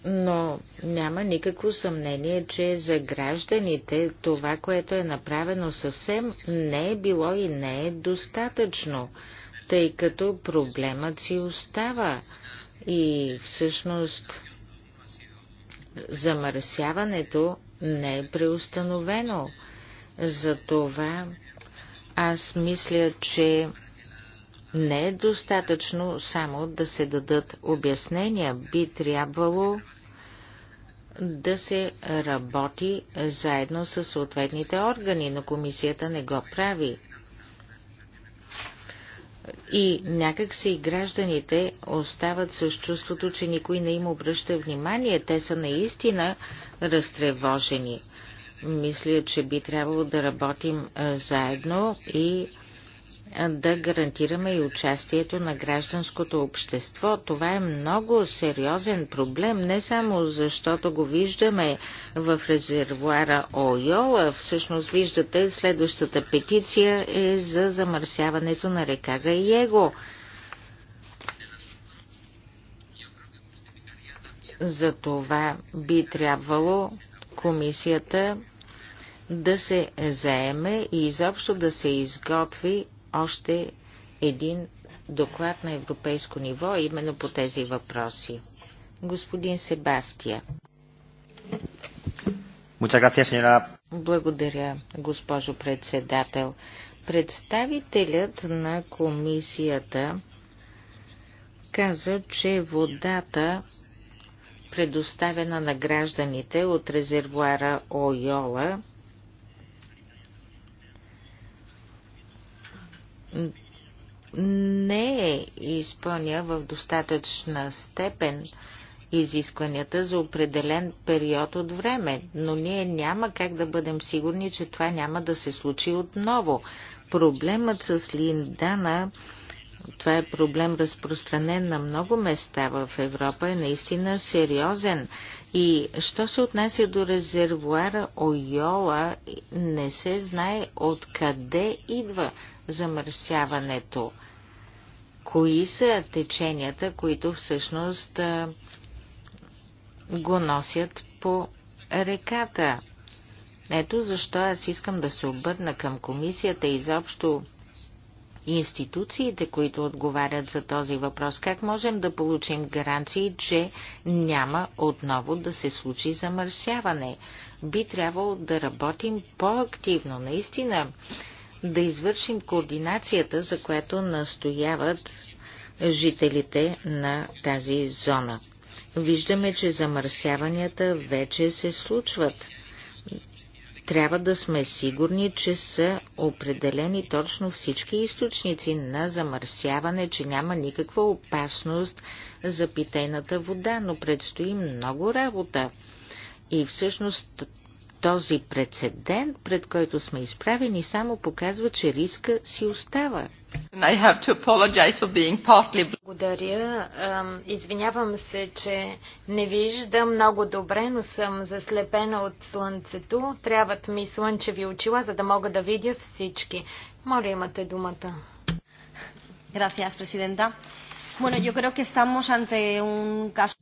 [SPEAKER 4] но няма никакво съмнение, че за гражданите това, което е направено съвсем не е било и не е достатъчно, тъй като проблемът си остава и всъщност замърсяването не е преустановено. Затова аз мисля, че не е достатъчно само да се дадат обяснения. Би трябвало да се работи заедно с съответните органи, но комисията не го прави. И някак се и гражданите остават с чувството, че никой не им обръща внимание. Те са наистина разтревожени. Мисля, че би трябвало да работим заедно и да гарантираме и участието на гражданското общество. Това е много сериозен проблем, не само защото го виждаме в резервуара ОЙО, а всъщност виждате следващата петиция е за замърсяването на река Гайего. За това би трябвало комисията да се заеме и изобщо да се изготви още един доклад на европейско ниво, именно по тези въпроси. Господин Себастия. Благодаря, госпожо председател. Представителят на комисията каза, че водата, предоставена на гражданите от резервуара Ойола, не е изпълня в достатъчна степен изискванията за определен период от време, но ние няма как да бъдем сигурни, че това няма да се случи отново. Проблемът с Линдана, това е проблем разпространен на много места в Европа, е наистина сериозен. И що се отнася до резервуара Ойола, не се знае откъде идва замърсяването. Кои са теченията, които всъщност го носят по реката? Ето защо аз искам да се обърна към комисията изобщо институциите, които отговарят за този въпрос. Как можем да получим гаранции, че няма отново да се случи замърсяване? Би трябвало да работим по-активно. Наистина, да извършим координацията, за която настояват жителите на тази зона. Виждаме, че замърсяванията вече се случват. Трябва да сме сигурни, че са определени точно всички източници на замърсяване, че няма никаква опасност за питейната вода, но предстои много работа. И всъщност този прецедент, пред който сме изправени, само показва, че
[SPEAKER 3] риска си остава. Partly... Благодаря. Извинявам се, че не виждам много добре, но съм заслепена от слънцето. Трябват ми слънчеви очила, за да мога да видя всички. Моля, имате думата. Gracias, президента. Bueno, yo creo que
[SPEAKER 4] estamos ante un caso...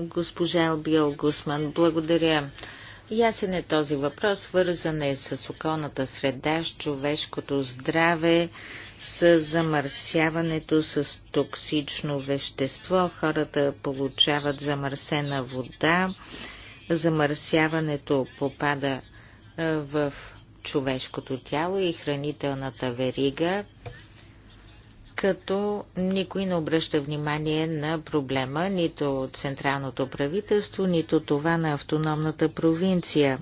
[SPEAKER 4] Госпожа Албио Гусман, благодаря. Ясен е този въпрос, свързан е с околната среда, с човешкото здраве, с замърсяването с токсично вещество. Хората получават замърсена вода, замърсяването попада в човешкото тяло и хранителната верига като никой не обръща внимание на проблема, нито централното правителство, нито това на автономната провинция.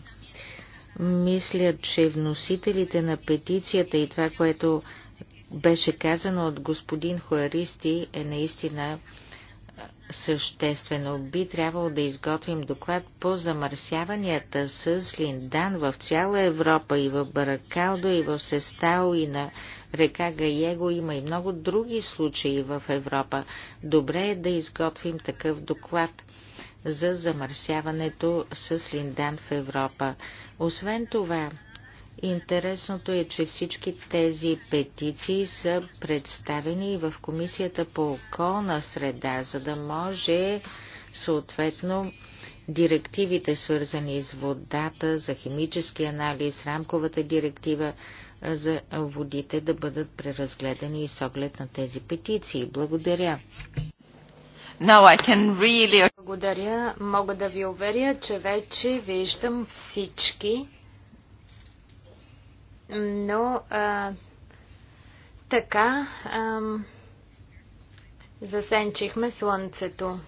[SPEAKER 4] Мисля, че вносителите на петицията и това, което беше казано от господин Хуаристи, е наистина съществено. Би трябвало да изготвим доклад по замърсяванията с линдан в цяла Европа и в Баракалдо и в Сестао и на река Гаего, има и много други случаи в Европа. Добре е да изготвим такъв доклад за замърсяването с линдан в Европа. Освен това, Интересното е, че всички тези петиции са представени в Комисията по околна среда, за да може съответно директивите, свързани с водата, за химически анализ, рамковата директива, за водите да бъдат преразгледани и с оглед на тези петиции. Благодаря.
[SPEAKER 3] Now I can really... Благодаря. Мога да ви уверя, че вече виждам всички. Но а, така а, засенчихме слънцето.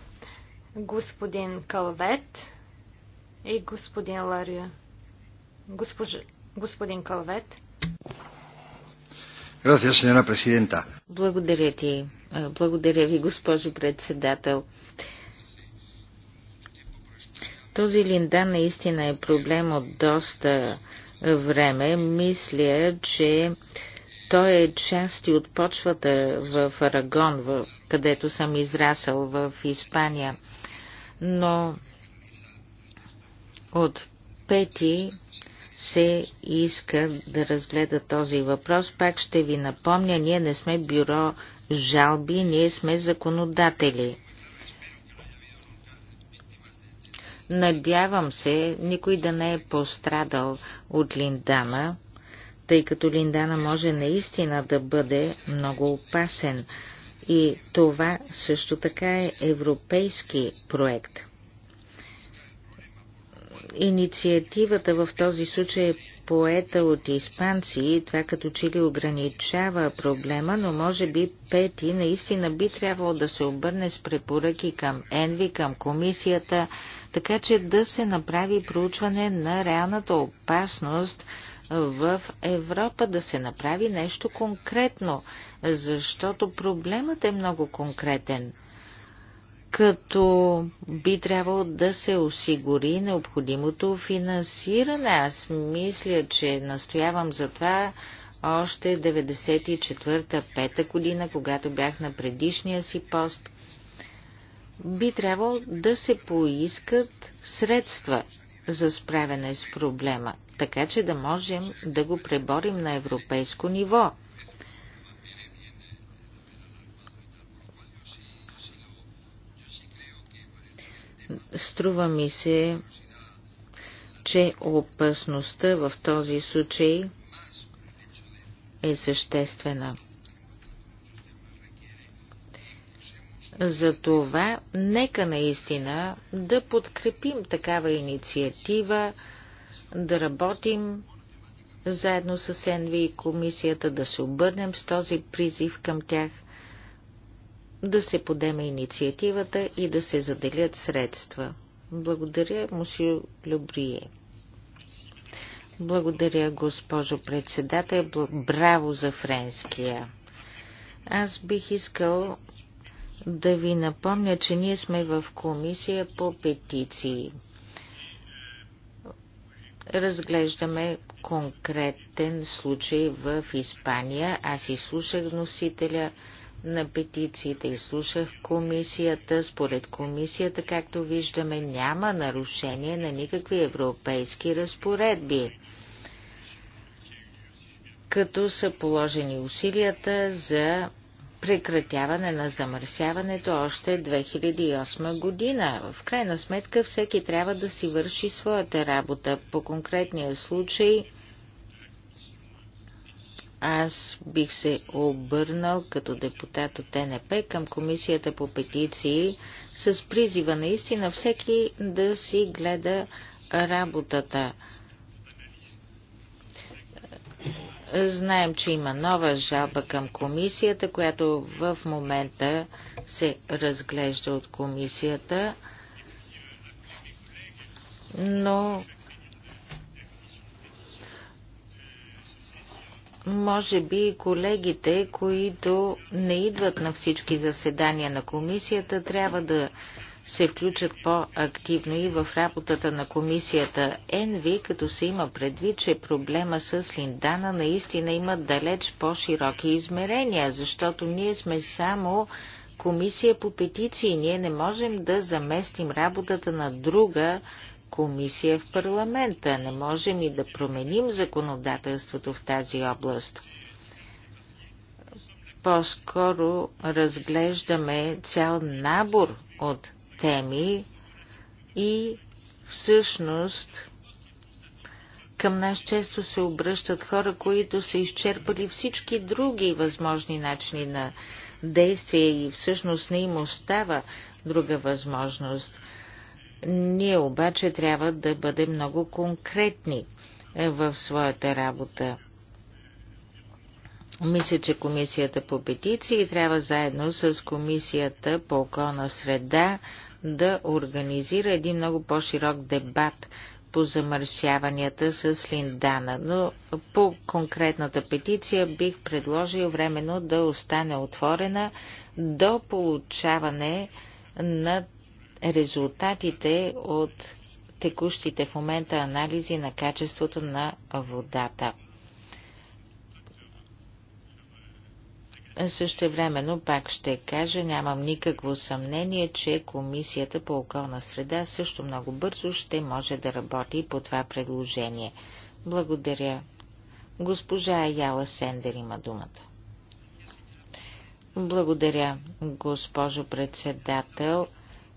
[SPEAKER 3] Господин Калвет и господин Лария. Госпож... Господин Калвет.
[SPEAKER 4] Благодаря ти. Благодаря ви, госпожо председател. Този линда наистина е проблем от доста време. Мисля, че той е част и от почвата в Арагон, в... където съм израсъл в Испания. Но от пети се иска да разгледа този въпрос, пак ще ви напомня, ние не сме бюро жалби, ние сме законодатели. Надявам се, никой да не е пострадал от Линдана, тъй като Линдана може наистина да бъде много опасен. И това също така е европейски проект – Инициативата в този случай е поета от испанци това като че ли ограничава проблема, но може би Пети наистина би трябвало да се обърне с препоръки към Енви, към комисията, така че да се направи проучване на реалната опасност в Европа, да се направи нещо конкретно, защото проблемът е много конкретен като би трябвало да се осигури необходимото финансиране. Аз мисля, че настоявам за това още 94-5 та година, когато бях на предишния си пост. Би трябвало да се поискат средства за справяне с проблема, така че да можем да го преборим на европейско ниво. Струва ми се, че опасността в този случай е съществена. Затова нека наистина да подкрепим такава инициатива, да работим заедно с Енви и комисията, да се обърнем с този призив към тях – да се подеме инициативата и да се заделят средства. Благодаря, мусю Любрие. Благодаря, госпожо председател. Браво за френския. Аз бих искал да ви напомня, че ние сме в комисия по петиции. Разглеждаме конкретен случай в Испания. Аз изслушах носителя на петициите. Изслушах комисията. Според комисията, както виждаме, няма нарушение на никакви европейски разпоредби като са положени усилията за прекратяване на замърсяването още 2008 година. В крайна сметка всеки трябва да си върши своята работа. По конкретния случай аз бих се обърнал като депутат от ТНП към Комисията по петиции с призива наистина всеки да си гледа работата. Знаем, че има нова жалба към комисията, която в момента се разглежда от комисията, но Може би колегите, които не идват на всички заседания на комисията, трябва да се включат по-активно и в работата на комисията ЕНВИ, като се има предвид, че проблема с Линдана наистина има далеч по-широки измерения, защото ние сме само комисия по петиции. Ние не можем да заместим работата на друга комисия в парламента. Не можем и да променим законодателството в тази област. По-скоро разглеждаме цял набор от теми и всъщност към нас често се обръщат хора, които са изчерпали всички други възможни начини на действие и всъщност не им остава друга възможност – ние обаче трябва да бъдем много конкретни е, в своята работа. Мисля, че комисията по петиции трябва заедно с комисията по околна среда да организира един много по-широк дебат по замърсяванията с Линдана. Но по конкретната петиция бих предложил временно да остане отворена до получаване на резултатите от текущите в момента анализи на качеството на водата. времено, пак ще кажа, нямам никакво съмнение, че Комисията по околна среда също много бързо ще може да работи по това предложение. Благодаря. Госпожа Яла Сендер има думата. Благодаря, госпожо председател.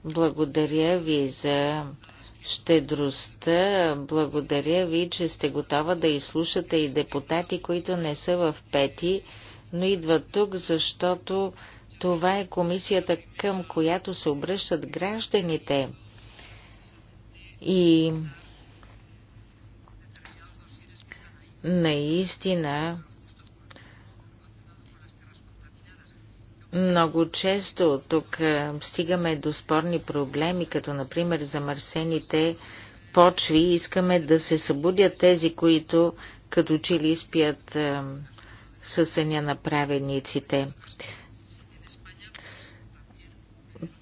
[SPEAKER 4] Благодаря ви за щедростта. Благодаря ви, че сте готова да изслушате и депутати, които не са в пети, но идват тук, защото това е комисията, към която се обръщат гражданите. И наистина Много често тук е, стигаме до спорни проблеми, като например замърсените почви. Искаме да се събудят тези, които като че ли спят е, със съня на праведниците.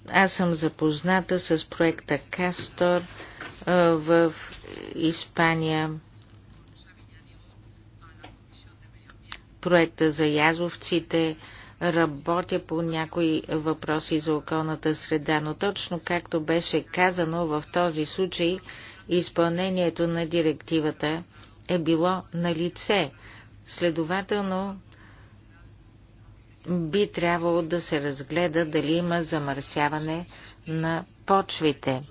[SPEAKER 4] Аз съм запозната с проекта Кастор е, в Испания. Проекта за язовците – работя по някои въпроси за околната среда, но точно както беше казано в този случай, изпълнението на директивата е било на лице. Следователно, би трябвало да се разгледа дали има замърсяване на почвите.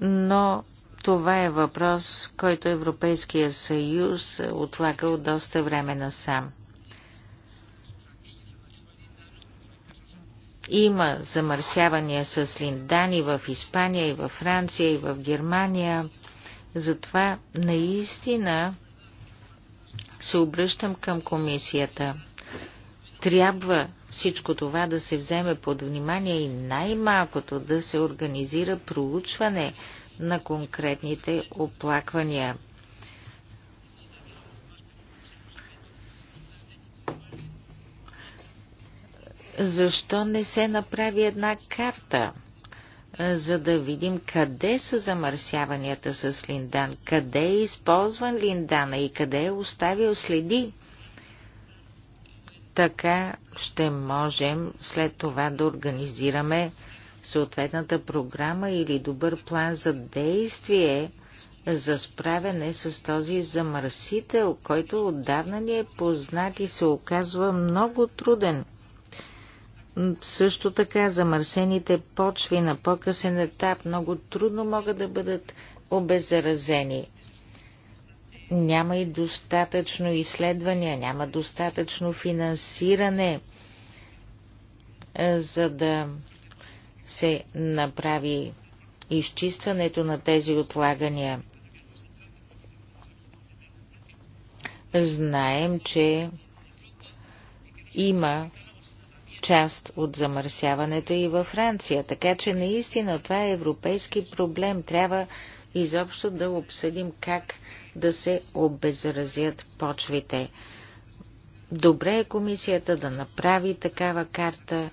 [SPEAKER 4] Но това е въпрос, който Европейския съюз отлагал доста време насам. сам. Има замърсявания с линдани в Испания и в Франция и в Германия. Затова наистина се обръщам към комисията. Трябва всичко това да се вземе под внимание и най-малкото да се организира проучване на конкретните оплаквания. Защо не се направи една карта, за да видим къде са замърсяванията с линдан, къде е използван линдана и къде е оставил следи? Така ще можем след това да организираме съответната програма или добър план за действие за справяне с този замърсител, който отдавна ни е познат и се оказва много труден. Също така замърсените почви на по-късен етап много трудно могат да бъдат обеззаразени. Няма и достатъчно изследвания, няма достатъчно финансиране, е, за да се направи изчистването на тези отлагания. Знаем, че има част от замърсяването и във Франция. Така че наистина това е европейски проблем. Трябва изобщо да обсъдим как да се обезразят почвите. Добре е комисията да направи такава карта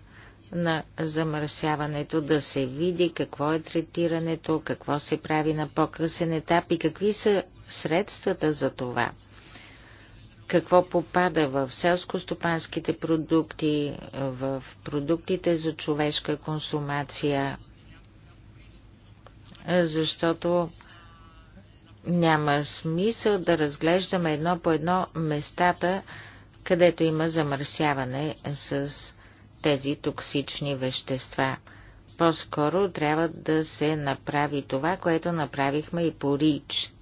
[SPEAKER 4] на замърсяването, да се види какво е третирането, какво се прави на по-късен етап и какви са средствата за това какво попада в селско-стопанските продукти, в продуктите за човешка консумация, защото няма смисъл да разглеждаме едно по едно местата, където има замърсяване с тези токсични вещества. По-скоро трябва да се направи това, което направихме и по
[SPEAKER 3] Рич.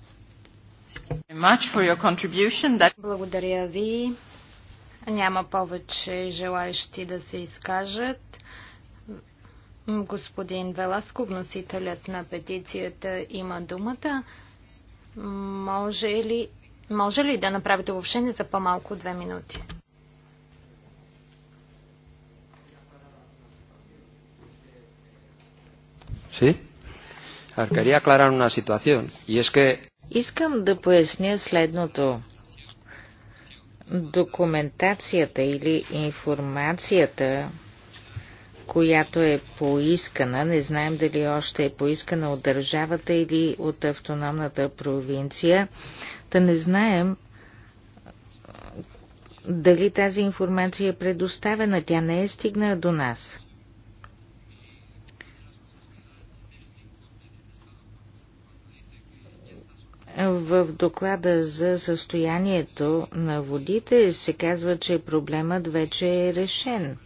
[SPEAKER 3] Благодаря ви. Няма повече желаящи да се изкажат. Господин Веласко, вносителят на петицията, има думата. Може ли, може ли да направите обобщение за по-малко две минути?
[SPEAKER 2] Sí. quería aclarar una situación y es que
[SPEAKER 4] Искам да поясня следното. Документацията или информацията, която е поискана, не знаем дали още е поискана от държавата или от автономната провинция, да не знаем дали тази информация е предоставена, тя не е стигнала до нас. В доклада за състоянието на водите се казва, че проблемът вече е решен.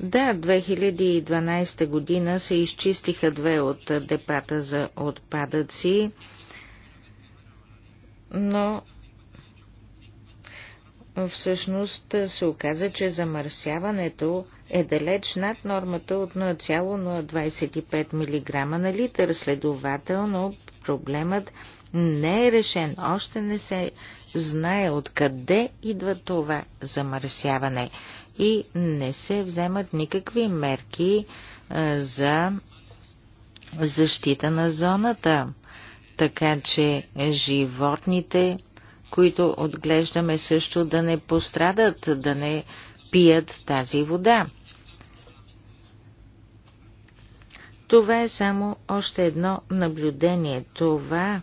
[SPEAKER 4] Да, 2012 година се изчистиха две от депата за отпадъци, но всъщност се оказа, че замърсяването е далеч над нормата от 0,025 мг на литър. Следователно, проблемът не е решен, още не се знае откъде идва това замърсяване и не се вземат никакви мерки е, за защита на зоната. Така че животните, които отглеждаме също да не пострадат, да не пият тази вода. Това е само още едно наблюдение. Това е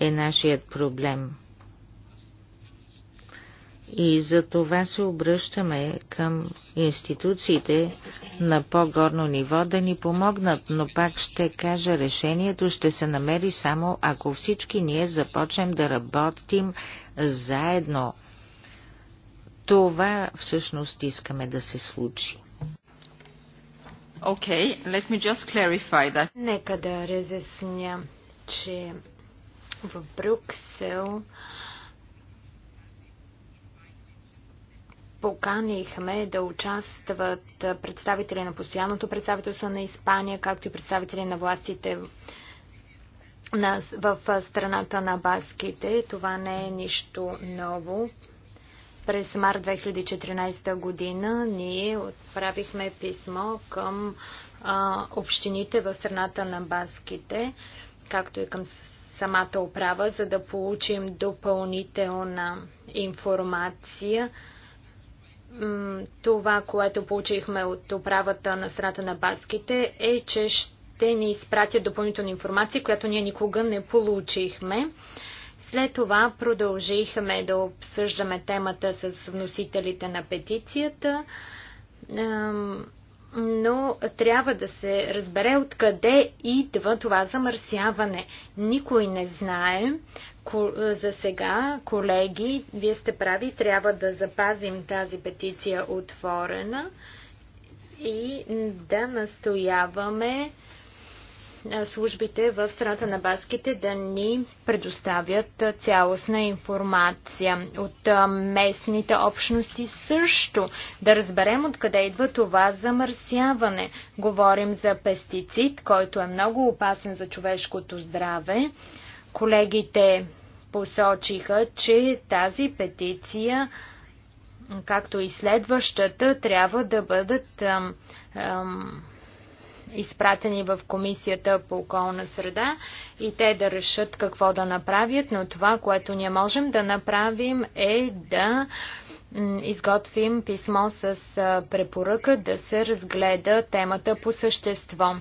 [SPEAKER 4] е нашият проблем. И за това се обръщаме към институциите на по-горно ниво да ни помогнат, но пак ще кажа, решението ще се намери само ако всички ние започнем да работим заедно.
[SPEAKER 3] Това
[SPEAKER 4] всъщност искаме да се случи.
[SPEAKER 3] Okay, let me just clarify that. Нека да разясня, че в Брюксел поканихме да участват представители на постоянното представителство на Испания, както и представители на властите на, в страната на баските. Това не е нищо ново. През март 2014 година ние отправихме писмо към а, общините в страната на баските, както и към самата управа, за да получим допълнителна информация. Това, което получихме от управата на страната на баските е, че ще ни изпратят допълнителна информация, която ние никога не получихме. След това продължихме да обсъждаме темата с вносителите на петицията но трябва да се разбере откъде идва това замърсяване. Никой не знае. За сега, колеги, вие сте прави, трябва да запазим тази петиция отворена и да настояваме службите в страната на баските да ни предоставят цялостна информация от местните общности също. Да разберем откъде идва това замърсяване. Говорим за пестицид, който е много опасен за човешкото здраве. Колегите посочиха, че тази петиция както и следващата, трябва да бъдат ам, ам, изпратени в Комисията по околна среда и те да решат какво да направят, но това, което ние можем да направим е да изготвим писмо с препоръка да се разгледа темата по същество.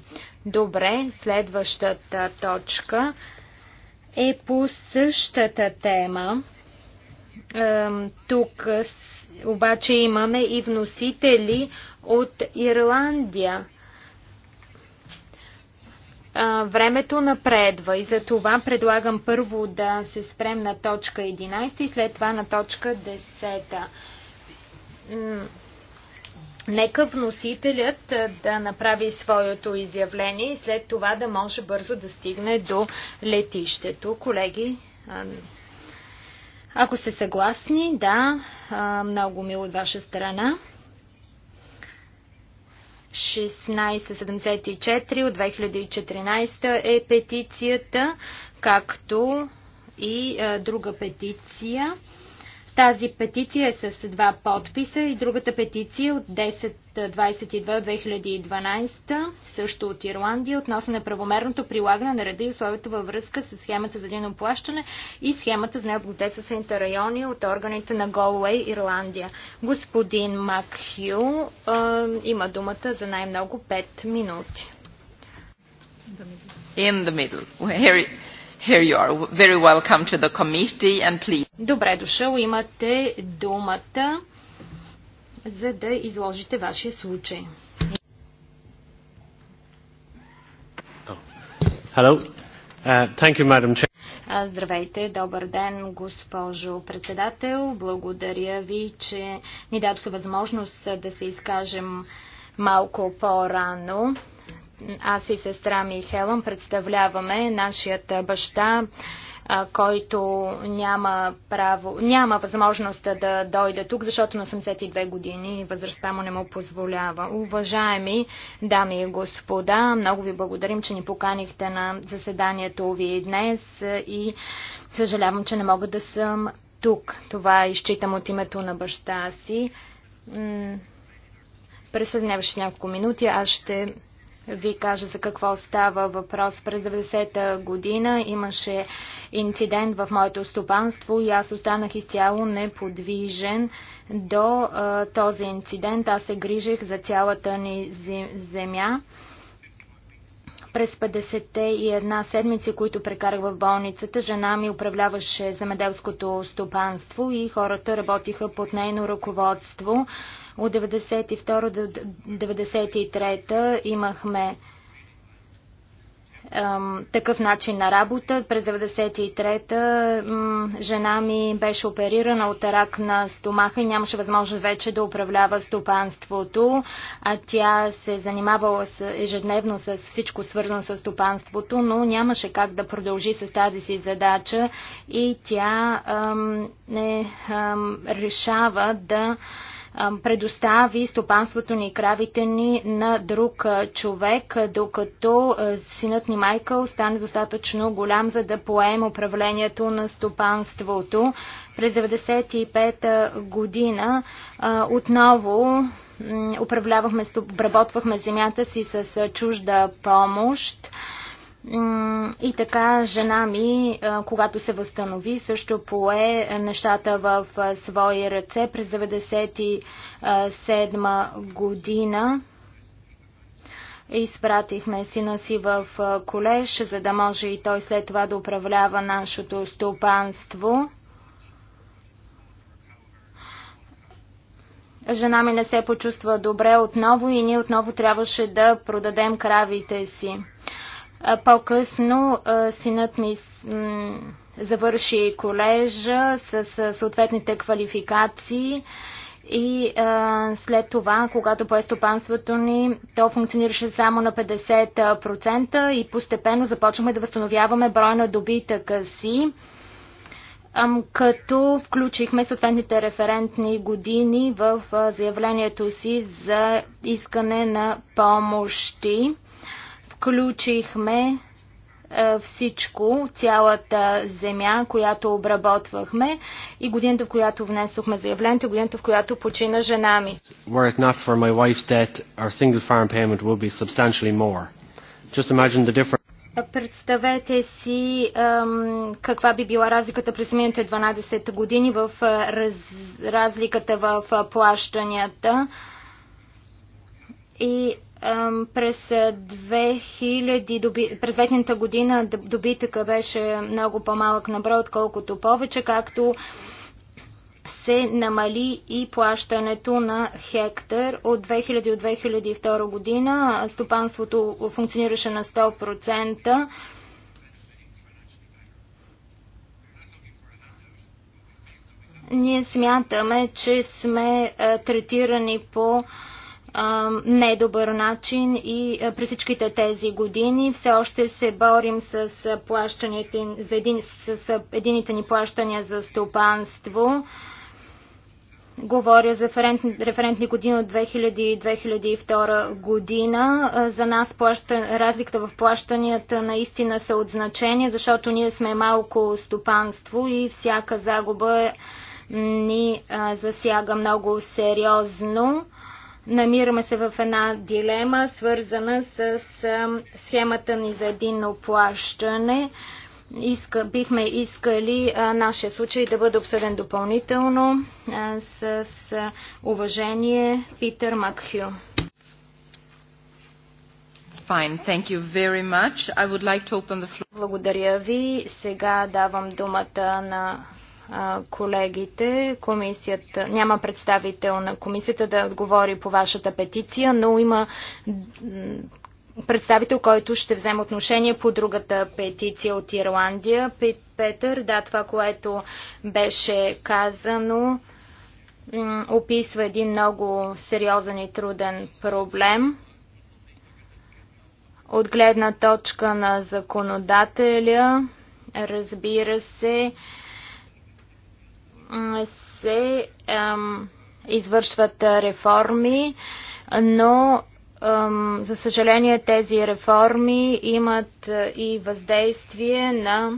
[SPEAKER 3] Добре, следващата точка е по същата тема. Тук обаче имаме и вносители от Ирландия времето напредва и за това предлагам първо да се спрем на точка 11 и след това на точка 10. Нека вносителят да направи своето изявление и след това да може бързо да стигне до летището. Колеги, ако сте съгласни, да, много мило е от ваша страна. 1674 от 2014 е петицията, както и е, друга петиция тази петиция е с два подписа и другата петиция от 10.22.2012, също от Ирландия, относно неправомерното прилагане на реда и условията във връзка с схемата за едино плащане и схемата за необлагодетелствените райони от органите на Голуей, Ирландия. Господин Макхю е, има думата за най-много 5 минути.
[SPEAKER 1] In the middle. Here, here you are. Very welcome to the committee and please.
[SPEAKER 3] Добре дошъл, имате думата, за да изложите вашия случай.
[SPEAKER 5] Hello. Uh, thank you, Madam Chair.
[SPEAKER 3] Здравейте, добър ден, госпожо председател. Благодаря ви, че ни дадохте възможност да се изкажем малко по-рано. Аз и сестра ми Хелън представляваме нашият баща който няма право, няма възможност да дойде тук, защото на 82 години възрастта му не му позволява. Уважаеми дами и господа, много ви благодарим, че ни поканихте на заседанието ви днес и съжалявам, че не мога да съм тук. Това изчитам от името на баща си. През следващите няколко минути аз ще ви кажа за какво става въпрос. През 90-та година имаше инцидент в моето стопанство и аз останах изцяло неподвижен до а, този инцидент. Аз се грижих за цялата ни земя. През 50-те и една седмици, които прекарах в болницата, жена ми управляваше земеделското стопанство и хората работиха под нейно ръководство. От 92 до 1993 имахме такъв начин на работа. През 1993-та жена ми беше оперирана от рак на стомаха и нямаше възможност вече да управлява стопанството, а тя се занимавала ежедневно с всичко свързано с стопанството, но нямаше как да продължи с тази си задача и тя ам, не ам, решава да предостави стопанството ни, кравите ни на друг човек, докато синът ни Майкъл стане достатъчно голям, за да поеме управлението на стопанството. През 1995 година отново управлявахме, обработвахме земята си с чужда помощ. И така жена ми, когато се възстанови, също пое нещата в свои ръце през 1997 година. Изпратихме сина си в колеж, за да може и той след това да управлява нашето стопанство. Жена ми не се почувства добре отново и ние отново трябваше да продадем кравите си. По-късно синът ми завърши колежа с съответните квалификации и след това, когато пое стопанството ни, то функционираше само на 50% и постепенно започваме да възстановяваме броя на добитъка си, като включихме съответните референтни години в заявлението си за искане на помощи. Включихме е, всичко, цялата земя, която обработвахме и годината, в която внесохме заявлението, годината, в която почина жена ми. Представете си ем, каква би била разликата през миналите 12 години в е, раз, разликата в е, плащанията и ам, през 2000, доби, през 2000 година добитъка беше много по-малък наброй, отколкото повече, както се намали и плащането на хектар. От 2000 до 2002 година стопанството функционираше на 100%. Ние смятаме, че сме третирани по а, недобър начин и през всичките тези години все още се борим с, плащаните, за един, с едините ни плащания за стопанство. Говоря за референт, референтни години от 2000 и 2002 година. За нас плаща, разликата в плащанията наистина са от значение, защото ние сме малко стопанство и всяка загуба ни а, засяга много сериозно. Намираме се в една дилема, свързана с схемата ни за единно плащане. Иска, бихме искали а, нашия случай да бъде обсъден допълнително а, с, с уважение Питър Макхю.
[SPEAKER 1] Fine, thank you very much. I would like to open the floor.
[SPEAKER 3] Благодаря ви. Сега давам думата на колегите. Комисията, няма представител на комисията да отговори по вашата петиция, но има представител, който ще вземе отношение по другата петиция от Ирландия. Петър, да, това, което беше казано, описва един много сериозен и труден проблем. От гледна точка на законодателя, разбира се, се извършват реформи, но за съжаление тези реформи имат и въздействие на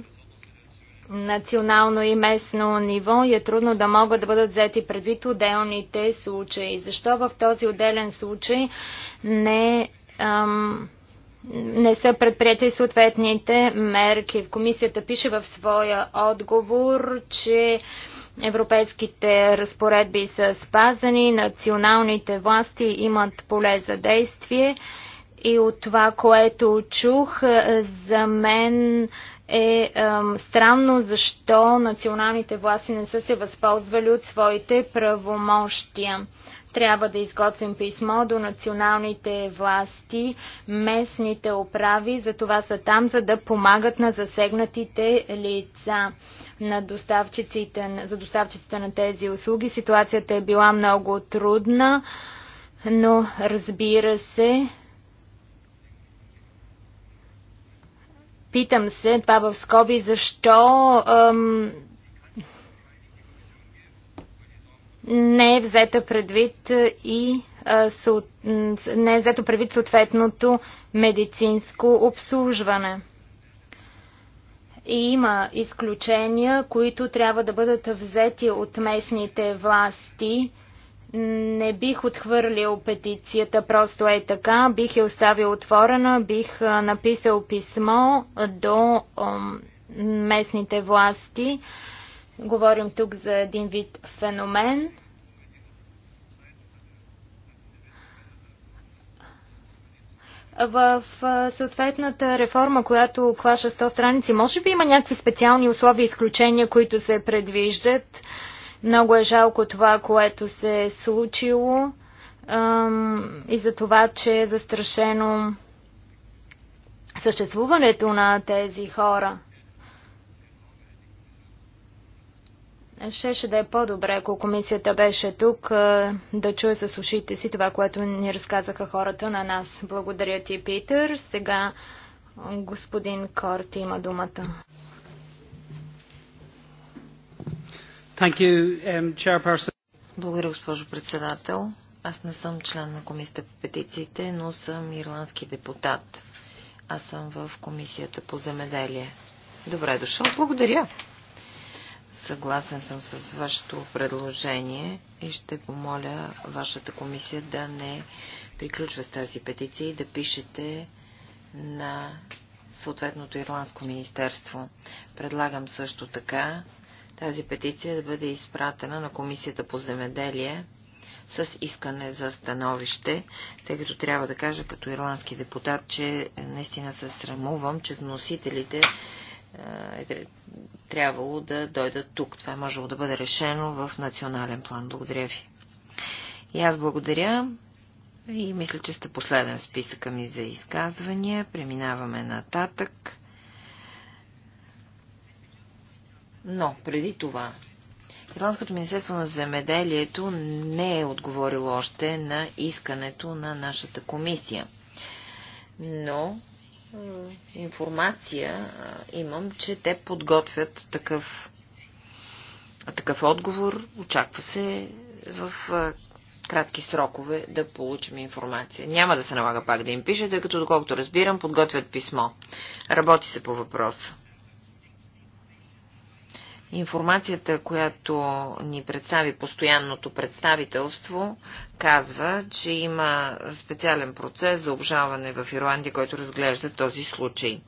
[SPEAKER 3] национално и местно ниво и е трудно да могат да бъдат взети предвид отделните случаи. Защо в този отделен случай не, ам, не са предприяти съответните мерки? В комисията пише в своя отговор, че ам, Европейските разпоредби са спазани, националните власти имат поле за действие и от това, което чух, е, за мен е, е странно защо националните власти не са се възползвали от своите правомощия. Трябва да изготвим писмо до националните власти, местните управи, за това са там, за да помагат на засегнатите лица на доставчиците, за доставчиците на тези услуги. Ситуацията е била много трудна, но разбира се, Питам се, това в скоби, защо ам, не е взета предвид и не е взето предвид съответното медицинско обслужване. И има изключения, които трябва да бъдат взети от местните власти. Не бих отхвърлил петицията просто е така, бих я оставил отворена, бих написал писмо до местните власти Говорим тук за един вид феномен. В съответната реформа, която обхваща 100 страници, може би има някакви специални условия и изключения, които се предвиждат. Много е жалко това, което се е случило и за това, че е застрашено съществуването на тези хора. Щеше да е по-добре, ако комисията беше тук, да чуе с ушите си това, което ни разказаха хората на нас. Благодаря ти, Питър. Сега господин Корт има думата.
[SPEAKER 1] You, um, Благодаря, госпожо председател. Аз не съм член на комисията по петициите, но съм ирландски депутат. Аз съм в комисията по земеделие. Добре дошъл. Благодаря. Съгласен съм с вашето предложение и ще помоля вашата комисия да не приключва с тази петиция и да пишете на съответното ирландско министерство. Предлагам също така тази петиция да бъде изпратена на Комисията по земеделие с искане за становище, тъй като трябва да кажа като ирландски депутат, че наистина се срамувам, че вносителите е, е трябвало да дойдат тук. Това е можело да бъде решено в национален план. Благодаря ви. И аз благодаря. И мисля, че сте последен в списъка ми за изказвания. Преминаваме нататък. Но преди това, Ирландското министерство на земеделието не е отговорило още на искането на нашата комисия. Но информация имам, че те подготвят такъв, такъв отговор. Очаква се в кратки срокове да получим информация. Няма да се налага пак да им пише, тъй като, доколкото разбирам, подготвят писмо. Работи се по въпроса. Информацията, която ни представи постоянното представителство, казва, че има специален процес за обжалване в Ирландия, който разглежда този случай.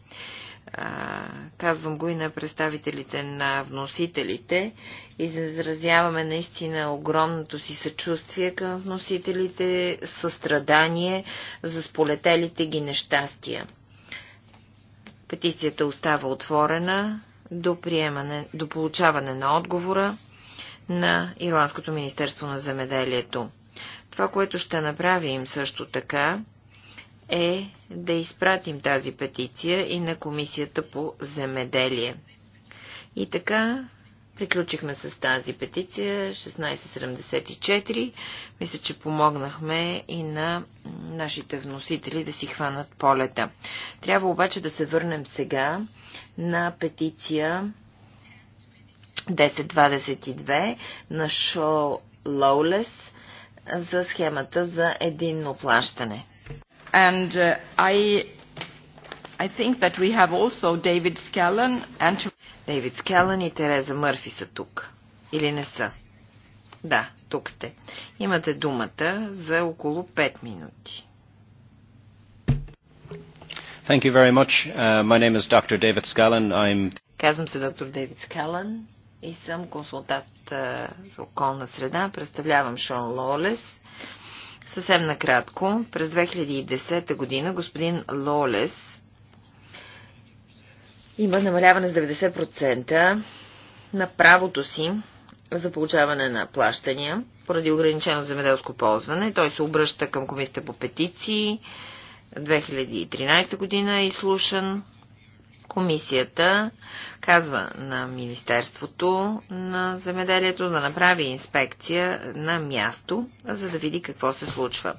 [SPEAKER 1] Казвам го и на представителите на вносителите и изразяваме наистина огромното си съчувствие към вносителите, състрадание за сполетелите ги нещастия. Петицията остава отворена до, приемане, до получаване на отговора на Ирландското министерство на земеделието. Това, което ще направим също така, е да изпратим тази петиция и на Комисията по земеделие. И така Приключихме с тази петиция 1674. Мисля, че помогнахме и на нашите вносители да си хванат полета. Трябва обаче да се върнем сега на петиция 1022 на Шо Лоулес за схемата за единно плащане. And uh, I I think that we have also David Scallon and Дейвид Скелън и Тереза Мърфи са тук. Или не са? Да, тук сте. Имате думата за около 5 минути.
[SPEAKER 5] Thank you very much. Uh, my name is Dr. David Scallon. I'm...
[SPEAKER 1] Казвам се доктор Дейвид Скалън и съм консултант uh, за околна среда. Представлявам Шон Лолес. Съвсем накратко, през 2010 година господин Лолес има намаляване с 90% на правото си за получаване на плащания поради ограничено земеделско ползване. Той се обръща към комисията по петиции 2013 година е изслушан. Комисията казва на Министерството на земеделието да направи инспекция на място, за да види какво се случва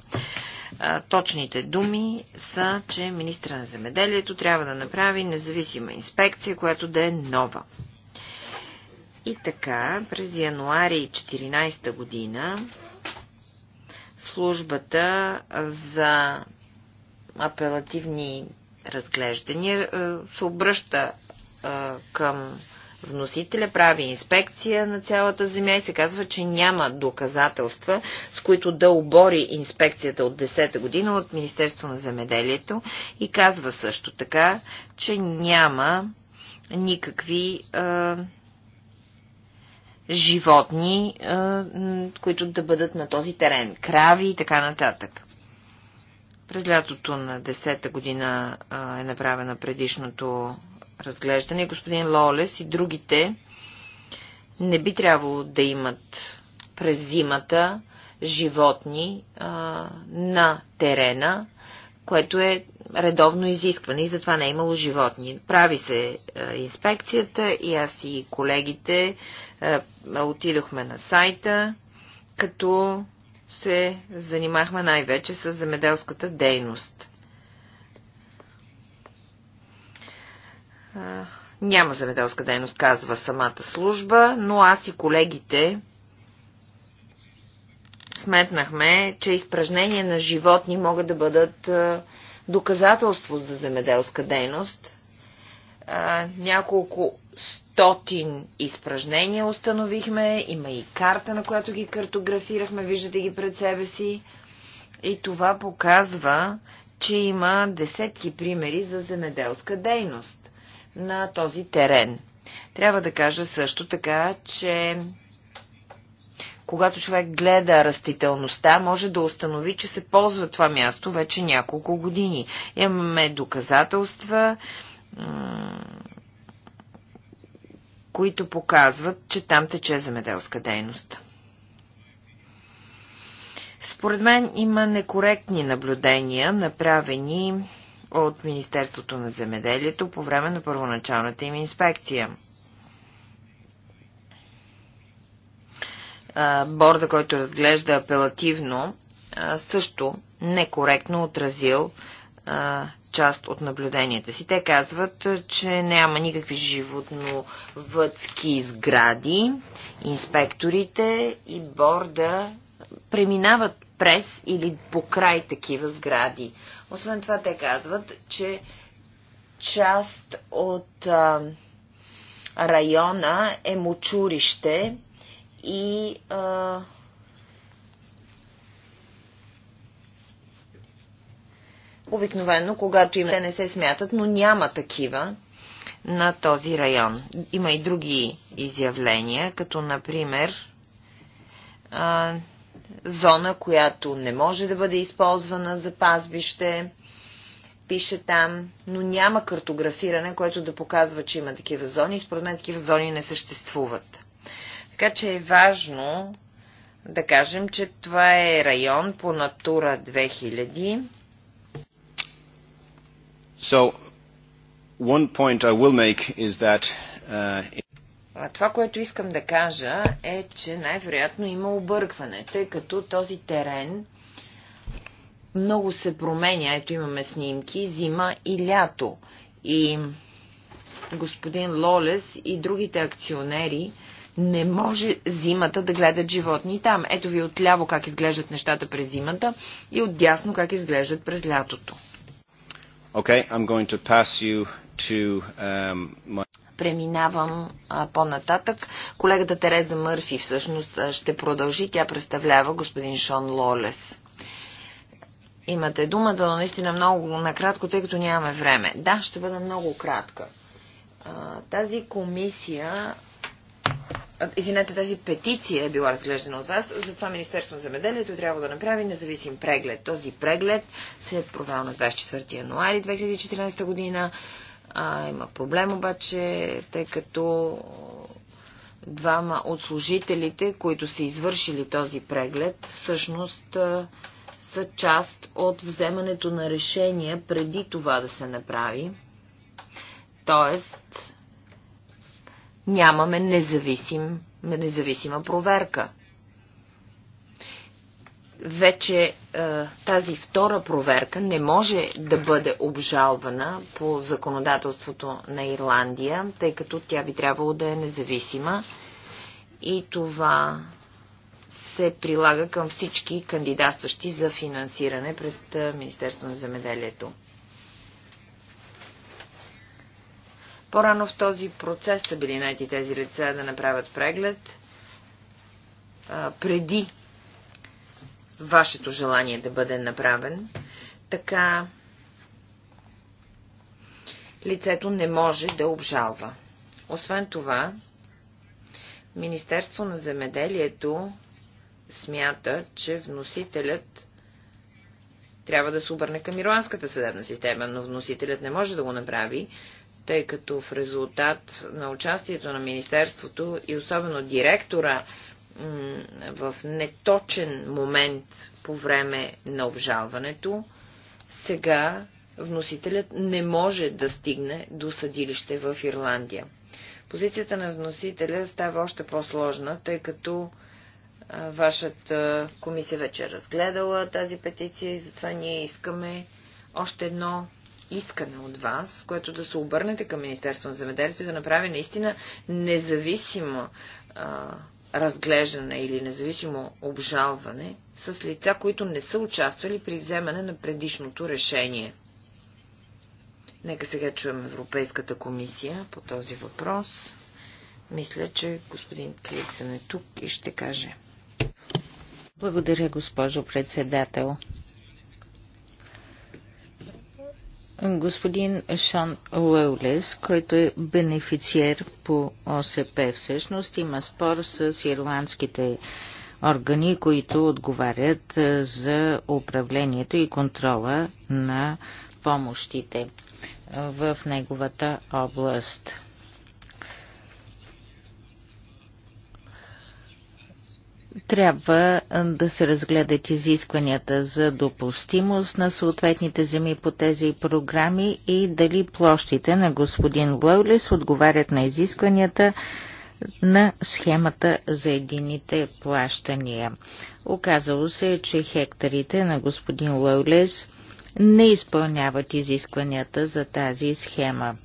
[SPEAKER 1] точните думи са, че министра на земеделието трябва да направи независима инспекция, която да е нова. И така, през януари 2014 година службата за апелативни разглеждания е, се обръща е, към Вносителя прави инспекция на цялата земя и се казва, че няма доказателства, с които да обори инспекцията от 10-та година от Министерство на земеделието и казва също така, че няма никакви е, животни, е, които да бъдат на този терен. Крави и така нататък. През лятото на 10-та година е направена предишното разглеждане. Господин Лолес и другите не би трябвало да имат през зимата животни а, на терена, което е редовно изискване и затова не е имало животни. Прави се а, инспекцията и аз и колегите а, отидохме на сайта, като се занимахме най-вече с замеделската дейност. няма земеделска дейност, казва самата служба, но аз и колегите сметнахме, че изпражнения на животни могат да бъдат доказателство за земеделска дейност. няколко стотин изпражнения установихме, има и карта, на която ги картографирахме, виждате ги пред себе си. И това показва, че има десетки примери за земеделска дейност на този терен. Трябва да кажа също така, че когато човек гледа растителността, може да установи, че се ползва това място вече няколко години. Имаме доказателства, които показват, че там тече земеделска дейност. Според мен има некоректни наблюдения, направени от Министерството на земеделието по време на първоначалната им инспекция. Борда, който разглежда апелативно, също некоректно отразил част от наблюденията си. Те казват, че няма никакви животновътски сгради. Инспекторите и борда преминават през или покрай такива сгради. Освен това, те казват, че част от а, района е мочурище и а, обикновено, когато има, те не се смятат, но няма такива на този район. Има и други изявления, като например а, зона, която не може да бъде използвана за пазбище, пише там, но няма картографиране, което да показва, че има такива зони. Според мен такива зони не съществуват. Така че е важно да кажем, че това е район по Натура 2000.
[SPEAKER 5] So, one point I will make is that uh,
[SPEAKER 1] това, което искам да кажа е, че най-вероятно има объркване, тъй като този терен много се променя. Ето имаме снимки зима и лято. И господин Лолес и другите акционери не може зимата да гледат животни там. Ето ви отляво как изглеждат нещата през зимата и отдясно как изглеждат през лятото. Okay, I'm
[SPEAKER 5] going to pass you to, um, my
[SPEAKER 1] преминавам по-нататък. Колегата Тереза Мърфи всъщност ще продължи. Тя представлява господин Шон Лолес. Имате думата, но наистина много накратко, тъй като нямаме време. Да, ще бъда много кратка. Тази комисия извинете, тази петиция е била разглеждана от вас, затова Министерство на земеделието трябва да направи независим преглед. Този преглед се е провел на 24 януари 2014 година. А, има проблем обаче, тъй като двама от служителите, които са извършили този преглед, всъщност са част от вземането на решения преди това да се направи. Тоест, нямаме независим, независима проверка вече е, тази втора проверка не може да бъде обжалвана по законодателството на Ирландия, тъй като тя би трябвало да е независима и това се прилага към всички кандидатстващи за финансиране пред е, Министерство на земеделието. По-рано в този процес са били найти тези лица да направят преглед е, преди вашето желание да бъде направен, така лицето не може да обжалва. Освен това, Министерство на земеделието смята, че вносителят трябва да се обърне към ирландската съдебна система, но вносителят не може да го направи, тъй като в резултат на участието на Министерството и особено директора в неточен момент по време на обжалването, сега вносителят не може да стигне до съдилище в Ирландия. Позицията на вносителя става още по-сложна, тъй като вашата комисия вече е разгледала тази петиция и затова ние искаме още едно искане от вас, което да се обърнете към Министерство на земеделието и да направи наистина независима разглеждане или независимо обжалване с лица, които не са участвали при вземане на предишното решение. Нека сега чуем Европейската комисия по този въпрос. Мисля,
[SPEAKER 4] че господин Клисен е тук и ще каже. Благодаря, госпожо председател. господин Шон Лоулес, който е бенефициер по ОСП. Всъщност има спор с ирландските органи, които отговарят за управлението и контрола на помощите в неговата област. трябва да се разгледат изискванията за допустимост на съответните земи по тези програми и дали площите на господин Лойлес отговарят на изискванията на схемата за едините плащания. Оказало се, че хектарите на господин Лойлес не изпълняват изискванията за тази схема.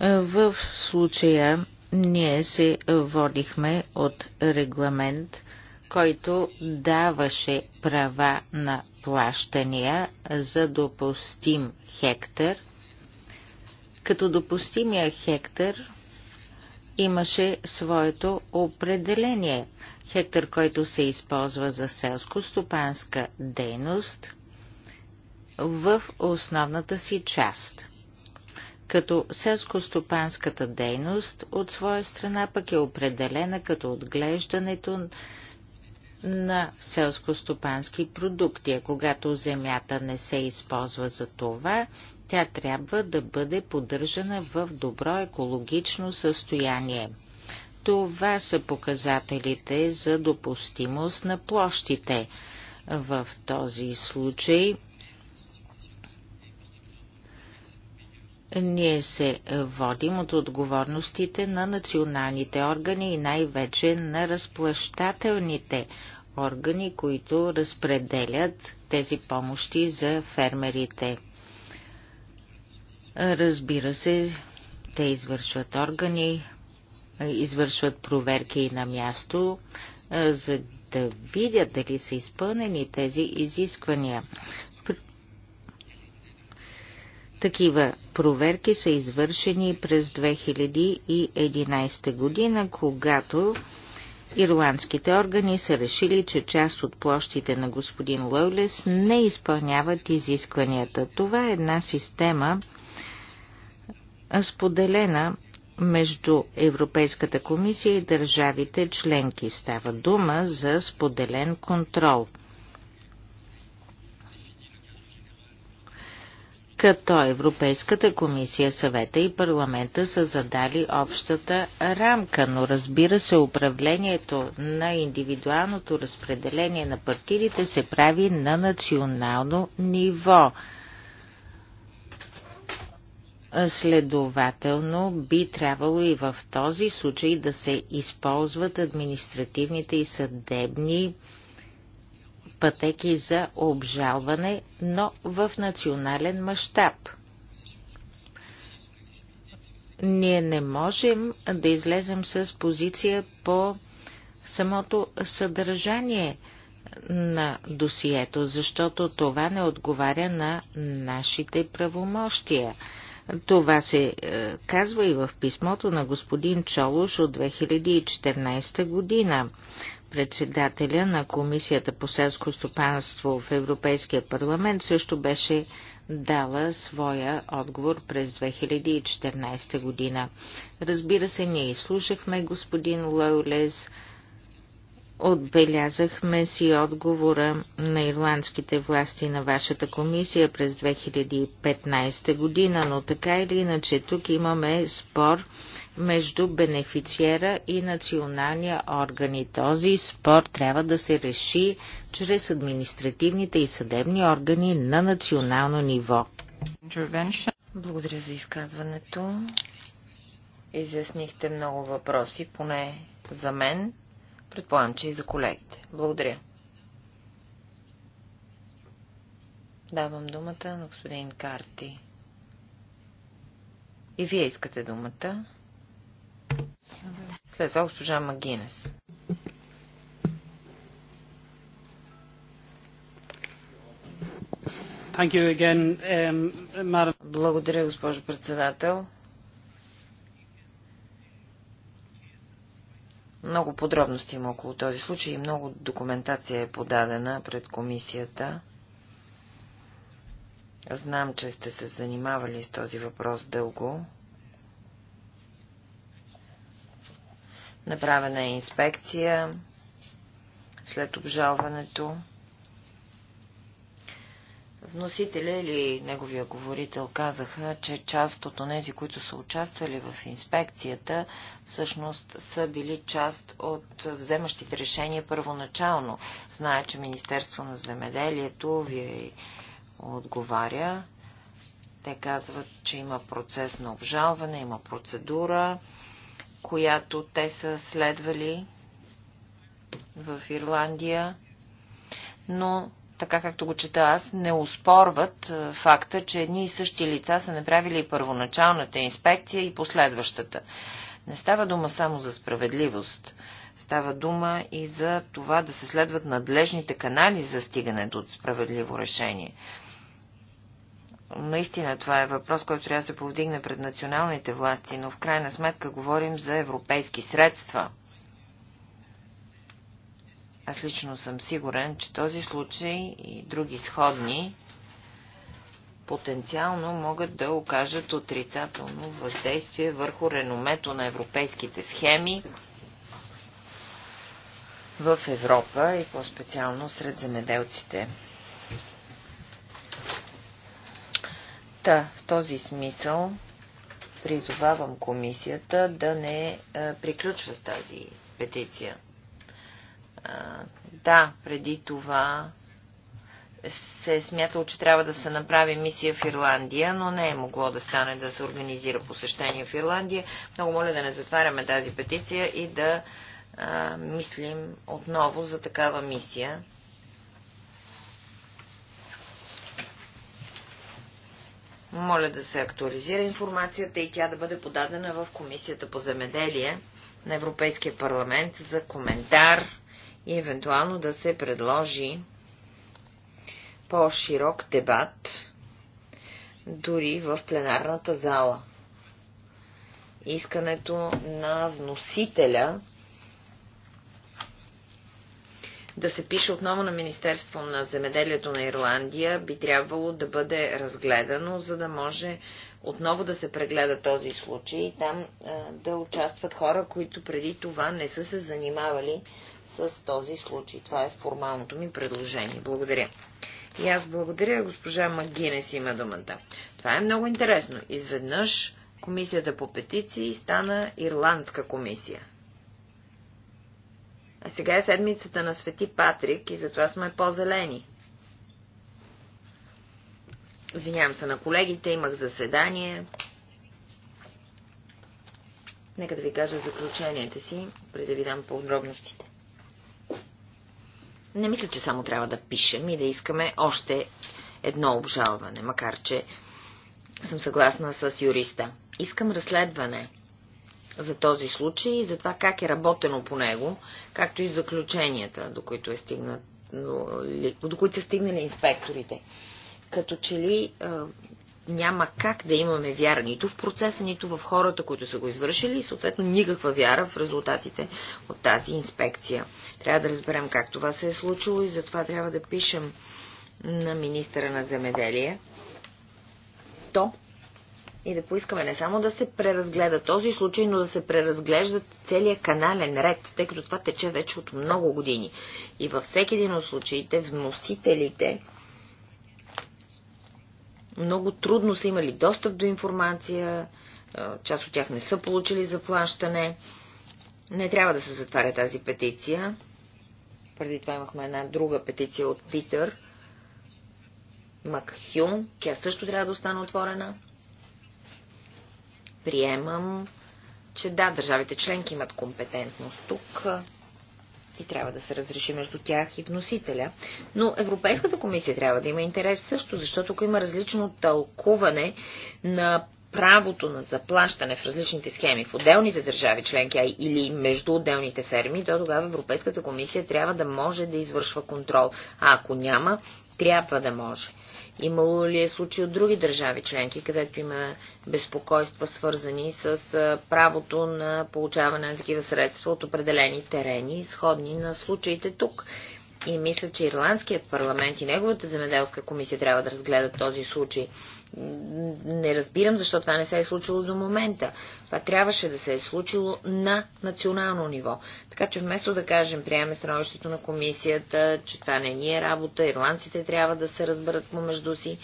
[SPEAKER 4] В случая ние се водихме от регламент, който даваше права на плащания за допустим хектар, като допустимия хектар имаше своето определение. Хектар, който се използва за селско-стопанска дейност в основната си част – като селско-стопанската дейност от своя страна пък е определена като отглеждането на селско-стопански продукти. А когато земята не се използва за това, тя трябва да бъде поддържана в добро екологично състояние. Това са показателите за допустимост на площите. В този случай Ние се водим от отговорностите на националните органи и най-вече на разплащателните органи, които разпределят тези помощи за фермерите. Разбира се, те извършват органи, извършват проверки и на място, за да видят дали са изпълнени тези изисквания. Такива проверки са извършени през 2011 година, когато ирландските органи са решили, че част от площите на господин Лоулес не изпълняват изискванията. Това е една система, споделена между Европейската комисия и държавите членки. Става дума за споделен контрол – като Европейската комисия, съвета и парламента са задали общата рамка, но разбира се, управлението на индивидуалното разпределение на партидите се прави на национално ниво. Следователно би трябвало и в този случай да се използват административните и съдебни пътеки за обжалване, но в национален мащаб. Ние не можем да излезем с позиция по самото съдържание на досието, защото това не отговаря на нашите правомощия. Това се е, казва и в писмото на господин Чолуш от 2014 година председателя на Комисията по селско стопанство в Европейския парламент също беше дала своя отговор през 2014 година. Разбира се, ние изслушахме господин Лоулес, отбелязахме си отговора на ирландските власти на вашата комисия през 2015 година, но така или иначе тук имаме спор – между бенефициера и националния орган. И този спор трябва да се реши чрез административните и съдебни органи на национално ниво.
[SPEAKER 1] Благодаря за изказването. Изяснихте много въпроси, поне за мен. Предполагам, че и за колегите. Благодаря. Давам думата на господин Карти. И вие искате думата.
[SPEAKER 3] След това госпожа Магинес.
[SPEAKER 1] Um, Благодаря, госпожо председател. Много подробности има около този случай и много документация е подадена пред комисията. Знам, че сте се занимавали с този въпрос дълго. Направена е инспекция след обжалването. Вносителя или неговия говорител казаха, че част от онези, които са участвали в инспекцията, всъщност са били част от вземащите решения първоначално. Знае, че Министерство на земеделието ви отговаря. Те казват, че има процес на обжалване, има процедура, която те са следвали в Ирландия, но така както го чета аз, не успорват е, факта, че едни и същи лица са направили и първоначалната инспекция и последващата. Не става дума само за справедливост. Става дума и за това да се следват надлежните канали за стигане до справедливо решение. Наистина това е въпрос, който трябва да се повдигне пред националните власти, но в крайна сметка говорим за европейски средства. Аз лично съм сигурен, че този случай и други сходни потенциално могат да окажат отрицателно въздействие върху реномето на европейските схеми в Европа и по-специално сред земеделците. Та, в този смисъл призовавам комисията да не е, приключва с тази петиция. да, преди това се е смятало, че трябва да се направи мисия в Ирландия, но не е могло да стане да се организира посещение в Ирландия. Много моля да не затваряме тази петиция и да а, мислим отново за такава мисия Моля да се актуализира информацията и тя да бъде подадена в Комисията по земеделие на Европейския парламент за коментар и евентуално да се предложи по-широк дебат дори в пленарната зала. Искането на вносителя да се пише отново на Министерство на земеделието на Ирландия, би трябвало да бъде разгледано, за да може отново да се прегледа този случай и там а, да участват хора, които преди това не са се занимавали с този случай. Това е формалното ми предложение. Благодаря. И аз благодаря, госпожа Магинес има думата. Това е много интересно. Изведнъж комисията по петиции стана Ирландска комисия. А сега е седмицата на Свети Патрик и затова сме по-зелени. Извинявам се на колегите, имах заседание. Нека да ви кажа заключенията си, преди да ви дам подробностите. Не мисля, че само трябва да пишем и да искаме още едно обжалване, макар че съм съгласна с юриста. Искам разследване за този случай и за това как е работено по него, както и заключенията, до които, е стигнат, до които са стигнали инспекторите. Като че ли няма как да имаме вяра нито в процеса, нито в хората, които са го извършили и съответно никаква вяра в резултатите от тази инспекция. Трябва да разберем как това се е случило и затова трябва да пишем на министъра на земеделие. То и да поискаме не само да се преразгледа този случай, но да се преразглежда целият канален ред, тъй като това тече вече от много години. И във всеки един от случаите вносителите много трудно са имали достъп до информация, част от тях не са получили заплащане. Не трябва да се затваря тази петиция. Преди това имахме една друга петиция от Питър Макхюн. Тя също трябва да остане отворена приемам, че да, държавите членки имат компетентност тук и трябва да се разреши между тях и вносителя. Но Европейската комисия трябва да има интерес също, защото ако има различно тълкуване на правото на заплащане в различните схеми в отделните държави членки или между отделните ферми, то тогава Европейската комисия трябва да може да извършва контрол. А ако няма, трябва да може. Имало ли е случаи от други държави членки, където има безпокойства, свързани с правото на получаване на такива средства от определени терени, сходни на случаите тук? И мисля, че Ирландският парламент и неговата земеделска комисия трябва да разгледат този случай. Не разбирам защо това не се е случило до момента. Това трябваше да се е случило на национално ниво. Така че вместо да кажем, приемаме становището на комисията, че това не ни е работа, ирландците трябва да се разберат помежду си,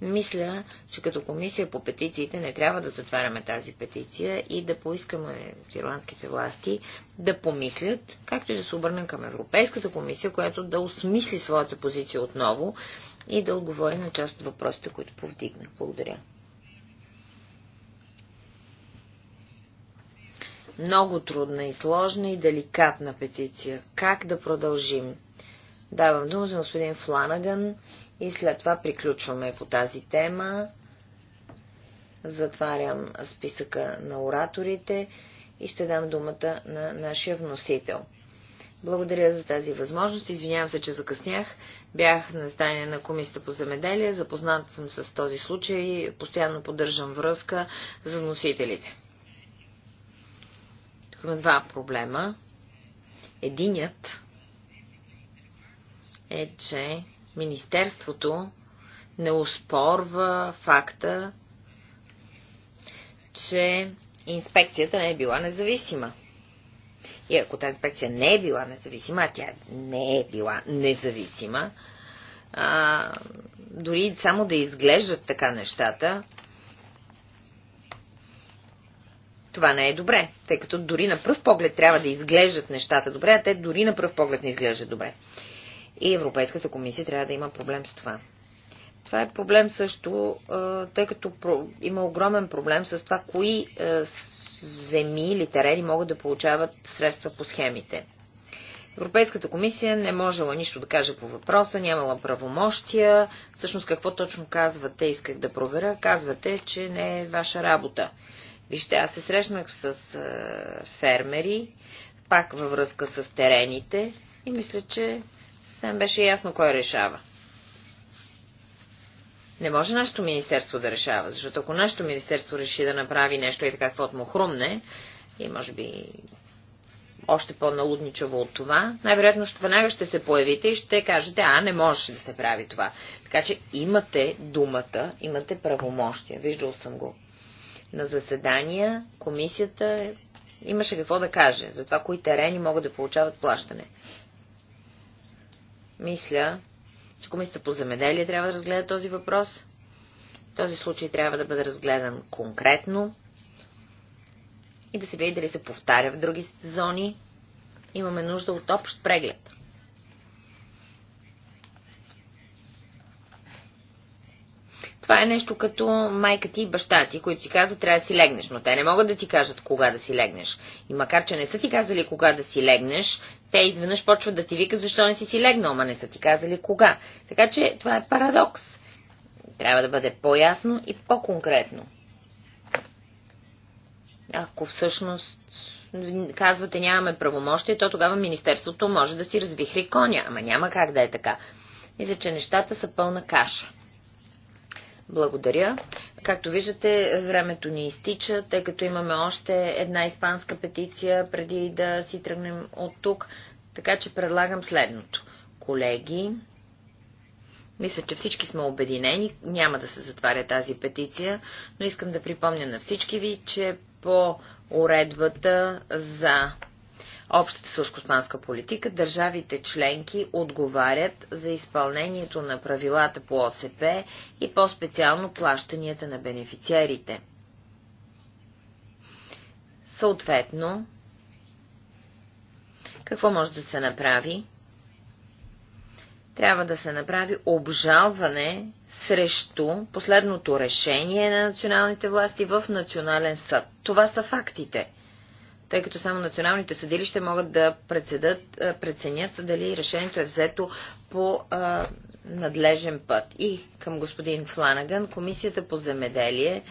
[SPEAKER 1] мисля, че като комисия по петициите не трябва да затваряме тази петиция и да поискаме ирландските власти да помислят, както и да се обърнем към Европейската комисия, която да осмисли своята позиция отново и да отговори на част от въпросите, които повдигнах. Благодаря. Много трудна и сложна и деликатна петиция. Как да продължим? Давам дума за господин Фланаган и след това приключваме по тази тема. Затварям списъка на ораторите и ще дам думата на нашия вносител. Благодаря за тази възможност. Извинявам се, че закъснях. Бях на стане на Комисията по земеделие. Запознат съм с този случай. Постоянно поддържам връзка за носителите. Тук има два проблема. Единият е, че Министерството не успорва факта, че инспекцията не е била независима. И ако тази инспекция не е била независима, а тя не е била независима, а, дори само да изглеждат така нещата, това не е добре, тъй като дори на пръв поглед трябва да изглеждат нещата добре, а те дори на пръв поглед не изглеждат добре. И Европейската комисия трябва да има проблем с това. Това е проблем също, тъй като има огромен проблем с това, кои земи или терени могат да получават средства по схемите. Европейската комисия не можела нищо да каже по въпроса, нямала правомощия. Всъщност какво точно казвате, исках да проверя. Казвате, че не е ваша работа. Вижте, аз се срещнах с фермери, пак във връзка с терените и мисля, че Съвсем беше ясно кой решава. Не може нашето министерство да решава, защото ако нашето министерство реши да направи нещо и така, каквото му хрумне, и може би още по-налудничаво от това, най-вероятно ще веднага ще се появите и ще кажете, а, не можеше да се прави това. Така че имате думата, имате правомощия. Виждал съм го. На заседания комисията е- имаше какво да каже за това, кои терени могат да получават плащане. Мисля, че Комисията по земеделие трябва да разгледа този въпрос. Този случай трябва да бъде разгледан конкретно и да се види дали се повтаря в други зони. Имаме нужда от общ преглед. Това е нещо като майка ти и баща ти, които ти казват трябва да си легнеш, но те не могат да ти кажат кога да си легнеш. И макар, че не са ти казали кога да си легнеш, те изведнъж почват да ти викат защо не си си легнал, ама не са ти казали кога. Така че това е парадокс. Трябва да бъде по-ясно и по-конкретно. Ако всъщност казвате нямаме правомощие, то тогава Министерството може да си развихри коня, ама няма как да е така. Мисля, че нещата са пълна каша. Благодаря. Както виждате, времето ни изтича, тъй като имаме още една испанска петиция преди да си тръгнем от тук. Така че предлагам следното. Колеги, мисля, че всички сме обединени, няма да се затваря тази петиция, но искам да припомня на всички ви, че по уредбата за общата сълскостманска политика, държавите членки отговарят за изпълнението на правилата по ОСП и по-специално плащанията на бенефициарите. Съответно, какво може да се направи? Трябва да се направи обжалване срещу последното решение на националните власти в Национален съд. Това са фактите тъй като само националните съдилища могат да председат, преценят дали решението е взето по а, надлежен път. И към господин Фланаган, Комисията по земеделие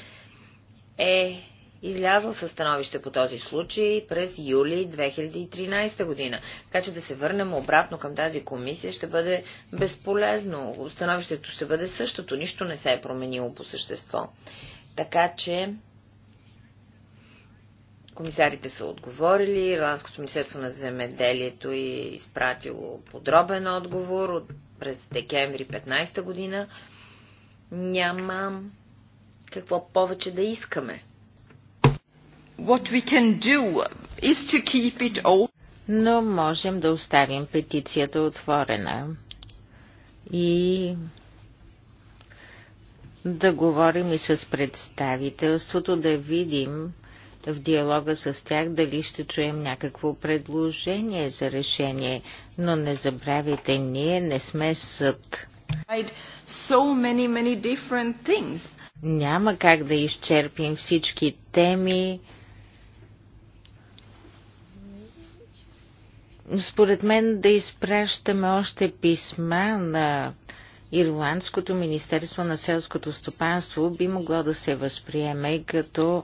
[SPEAKER 1] е излязла със становище по този случай през юли 2013 година. Така че да се върнем обратно към тази комисия ще бъде безполезно. Становището ще бъде същото. Нищо не се е променило по същество. Така че Комисарите са отговорили, Ирландското министерство на земеделието е изпратило подробен отговор от през декември 15 година. Няма какво повече да искаме.
[SPEAKER 4] What we can do is to keep it open. Но можем да оставим петицията отворена и да говорим и с представителството, да видим в диалога с тях дали ще чуем някакво предложение за решение, но не забравяйте, ние не сме съд.
[SPEAKER 1] So many, many
[SPEAKER 4] Няма как да изчерпим всички теми. Според мен да изпращаме още писма на Ирландското Министерство на селското стопанство би могло да се възприеме като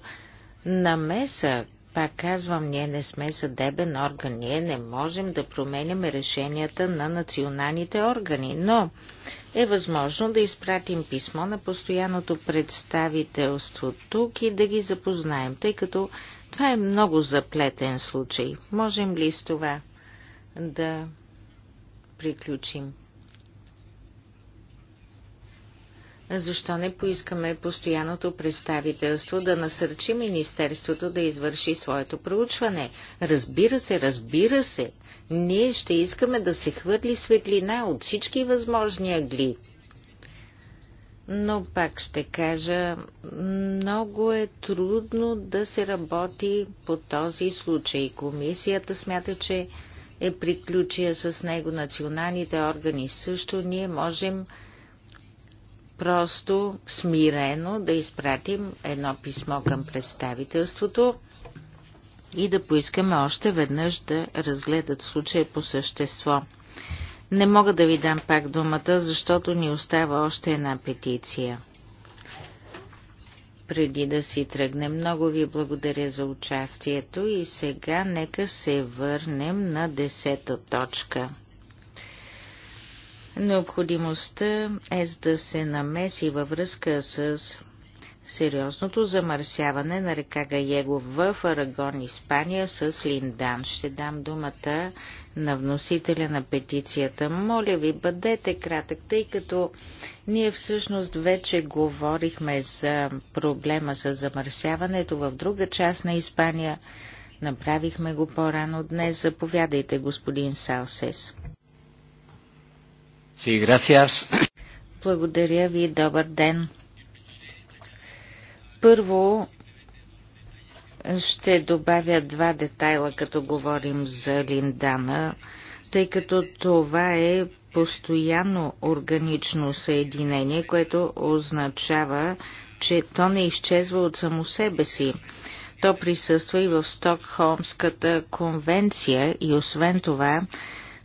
[SPEAKER 4] намеса. Пак казвам, ние не сме съдебен орган, ние не можем да променяме решенията на националните органи, но е възможно да изпратим писмо на постоянното представителство тук и да ги запознаем, тъй като това е много заплетен случай. Можем ли с това да приключим? Защо не поискаме постоянното представителство да насърчи Министерството да извърши своето проучване? Разбира се, разбира се, ние ще искаме да се хвърли светлина от всички възможни агли. Но пак ще кажа, много е трудно да се работи по този случай. Комисията смята, че е приключия с него националните органи. Също ние можем просто смирено да изпратим едно писмо към представителството и да поискаме още веднъж да разгледат случая по същество. Не мога да ви дам пак думата, защото ни остава още една петиция. Преди да си тръгнем, много ви благодаря за участието и сега нека се върнем на десета точка – Необходимостта е да се намеси във връзка с сериозното замърсяване на река Гаего в Арагон, Испания с Линдан. Ще дам думата на вносителя на петицията. Моля ви, бъдете кратък, тъй като ние всъщност вече говорихме за проблема с замърсяването в друга част на Испания. Направихме го по-рано днес. Заповядайте, господин Салсес.
[SPEAKER 5] Sí, gracias.
[SPEAKER 4] Благодаря ви, добър ден. Първо ще добавя два детайла, като говорим за Линдана, тъй като това е постоянно органично съединение, което означава, че то не изчезва от само себе си. То присъства и в Стокхолмската конвенция и освен това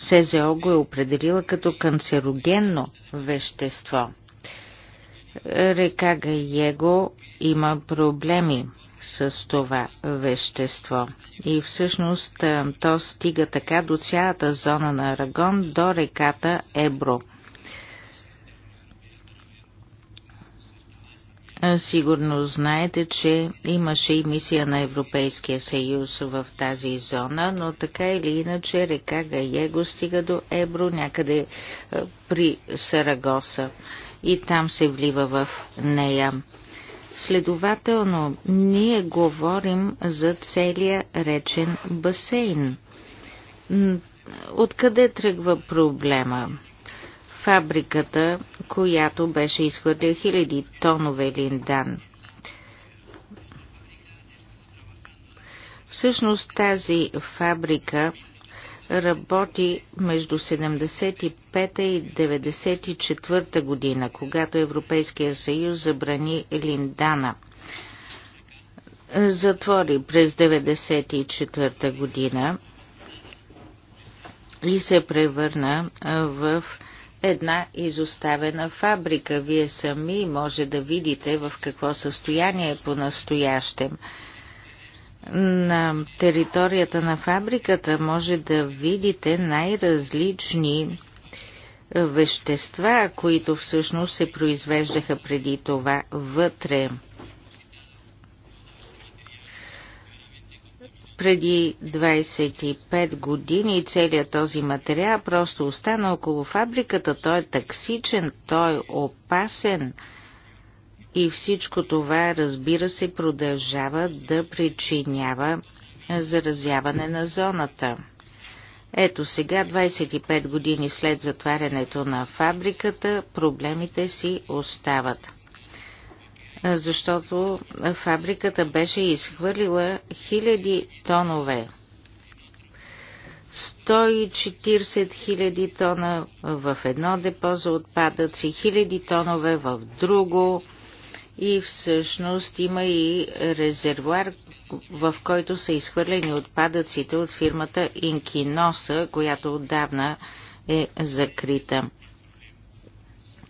[SPEAKER 4] СЗО го е определила като канцерогенно вещество. Река Гайего има проблеми с това вещество. И всъщност то стига така до цялата зона на Арагон до реката Ебро – Е, сигурно знаете, че имаше и мисия на Европейския съюз в тази зона, но така или иначе река Гаего стига до Ебро някъде е, при Сарагоса и там се влива в нея. Следователно, ние говорим за целия речен басейн. Откъде тръгва проблема? фабриката, която беше изхвърлил хиляди тонове линдан. Всъщност тази фабрика работи между 75-та и 94-та година, когато Европейския съюз забрани Линдана. Затвори през 94-та година и се превърна в една изоставена фабрика. Вие сами може да видите в какво състояние е по-настоящем. На територията на фабриката може да видите най-различни вещества, които всъщност се произвеждаха преди това вътре. преди 25 години целият този материал просто остана около фабриката. Той е токсичен, той е опасен. И всичко това, разбира се, продължава да причинява заразяване на зоната. Ето сега, 25 години след затварянето на фабриката, проблемите си остават защото фабриката беше изхвърлила хиляди тонове. 140 хиляди тона в едно депо за отпадъци, хиляди тонове в друго и всъщност има и резервуар, в който са изхвърлени отпадъците от фирмата Инкиноса, която отдавна е закрита.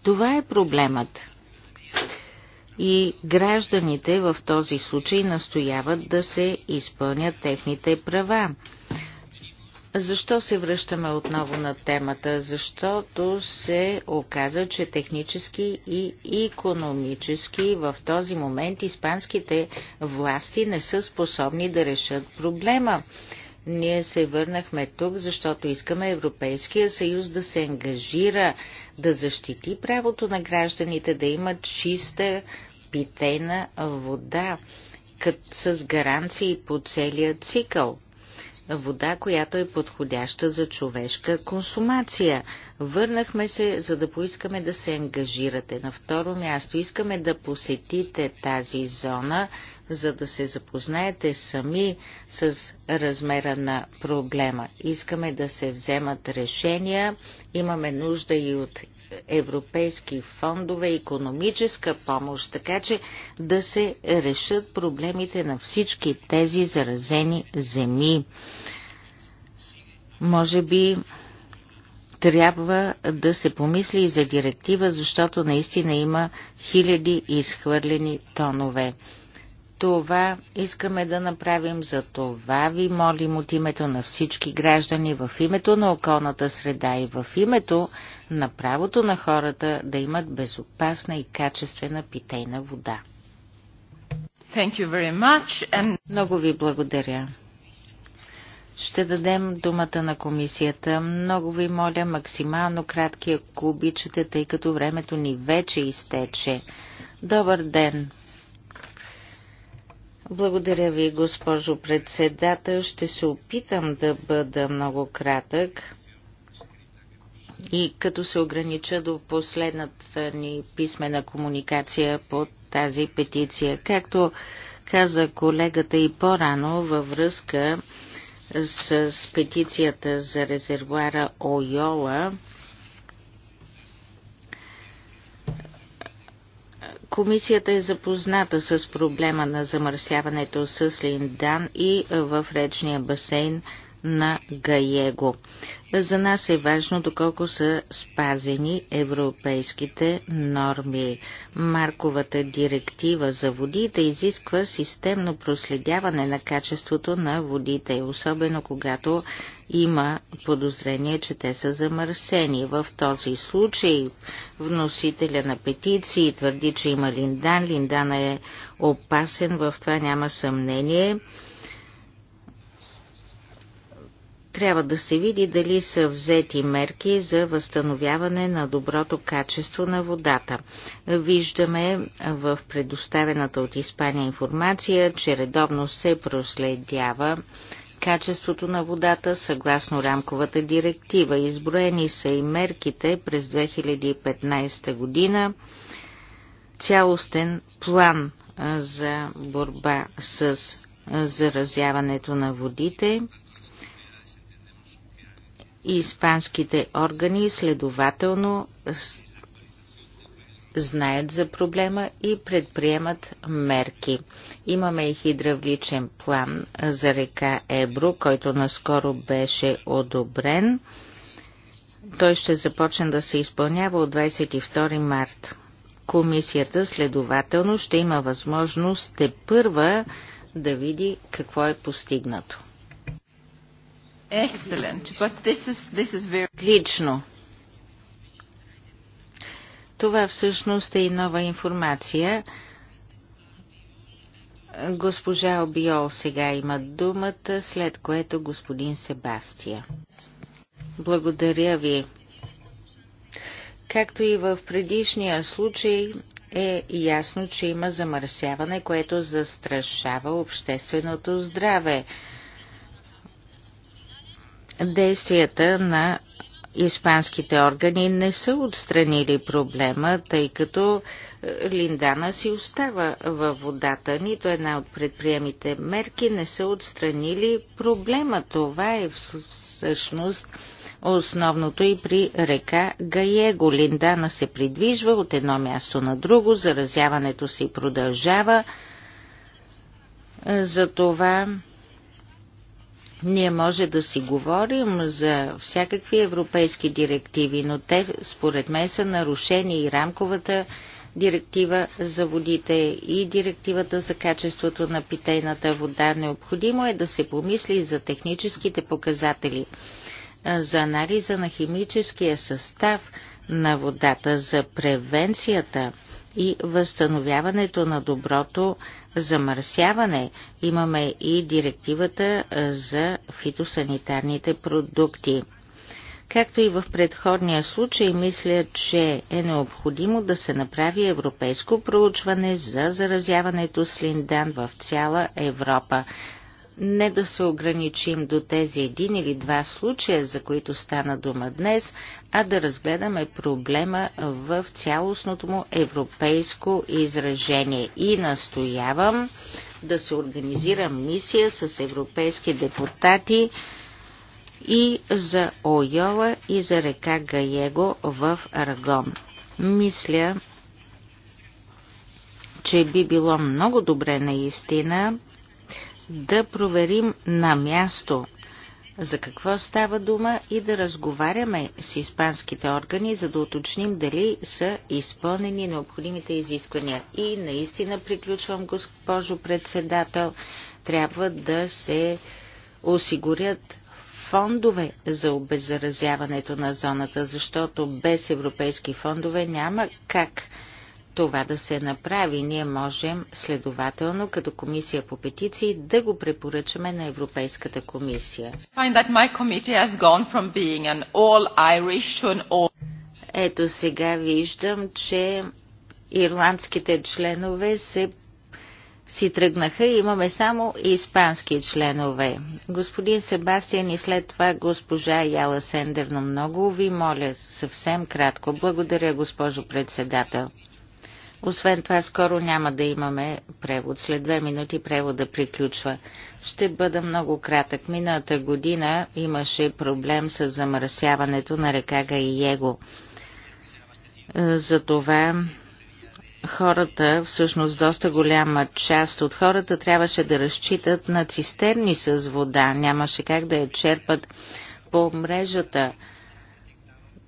[SPEAKER 4] Това е проблемът и гражданите в този случай настояват да се изпълнят техните права. Защо се връщаме отново на темата? Защото се оказа, че технически и економически в този момент испанските власти не са способни да решат проблема. Ние се върнахме тук, защото искаме Европейския съюз да се ангажира, да защити правото на гражданите да имат чиста питейна вода кът с гаранции по целия цикъл. Вода, която е подходяща за човешка консумация. Върнахме се, за да поискаме да се ангажирате. На второ място искаме да посетите тази зона, за да се запознаете сами с размера на проблема. Искаме да се вземат решения, имаме нужда и от европейски фондове, економическа помощ, така че да се решат проблемите на всички тези заразени земи. Може би трябва да се помисли и за директива, защото наистина има хиляди изхвърлени тонове. Това искаме да направим, за това ви молим от името на всички граждани, в името на околната среда и в името на правото на хората да имат безопасна и качествена питейна вода. Thank you very much and... Много ви благодаря. Ще дадем думата на комисията. Много ви моля максимално кратки, ако обичате, тъй като времето ни вече изтече. Добър ден! Благодаря ви, госпожо председател. Ще се опитам да бъда много кратък и като се огранича до последната ни писмена комуникация по тази петиция. Както каза колегата и по-рано във връзка с петицията за резервуара Ойола, Комисията е запозната с проблема на замърсяването с линдан и в речния басейн на Гаего. За нас е важно доколко са спазени европейските норми. Марковата директива за водите изисква системно проследяване на качеството на водите, особено когато има подозрение, че те са замърсени. В този случай вносителя на петиции твърди, че има линдан. Линдана е опасен, в това няма съмнение. Трябва да се види дали са взети мерки за възстановяване на доброто качество на водата. Виждаме в предоставената от Испания информация, че редовно се проследява качеството на водата съгласно рамковата директива. Изброени са и мерките през 2015 година. Цялостен план за борба с заразяването на водите и испанските органи следователно знаят за проблема и предприемат мерки. Имаме и хидравличен план за река Ебро, който наскоро беше одобрен. Той ще започне да се изпълнява от 22 март. Комисията следователно ще има възможност те първа да види какво е постигнато. Excellent, but this is, this is very... Отлично. Това всъщност е и нова информация. Госпожа Обиол сега има думата, след което господин Себастия. Благодаря ви. Както и в предишния случай, е ясно, че има замърсяване, което застрашава общественото здраве. Действията на испанските органи не са отстранили проблема, тъй като е, Линдана си остава във водата. Нито е една от предприемите мерки не са отстранили проблема. Това е всъщност основното и при река Гаего. Линдана се придвижва от едно място на друго, заразяването си продължава. Затова ние може да си говорим за всякакви европейски директиви, но те според мен са нарушени и рамковата директива за водите и директивата за качеството на питейната вода. Необходимо е да се помисли за техническите показатели, за анализа на химическия състав на водата, за превенцията – и възстановяването на доброто замърсяване. Имаме и директивата за фитосанитарните продукти. Както и в предходния случай, мисля, че е необходимо да се направи европейско проучване за заразяването с линдан в цяла Европа не да се ограничим до тези един или два случая, за които стана дума днес, а да разгледаме проблема в цялостното му европейско изражение. И настоявам да се организира мисия с европейски депутати и за Ойола и за река Гаего в Арагон. Мисля, че би било много добре наистина да проверим на място за какво става дума и да разговаряме с испанските органи, за да уточним дали са изпълнени необходимите изисквания. И наистина приключвам, госпожо председател, трябва да се осигурят фондове за обеззаразяването на зоната, защото без европейски фондове няма как това да се направи. Ние можем, следователно, като комисия по петиции, да го препоръчаме на Европейската комисия. Ето сега виждам, че ирландските членове се си тръгнаха и имаме само испански членове. Господин Себастиан и след това госпожа Яла Сендерно много ви моля съвсем кратко. Благодаря, госпожо председател. Освен това, скоро няма да имаме превод. След две минути превода приключва. Ще бъда много кратък. Миналата година имаше проблем с замърсяването на река Гаиего. Затова хората, всъщност доста голяма част от хората трябваше да разчитат на цистерни с вода. Нямаше как да я черпат по мрежата,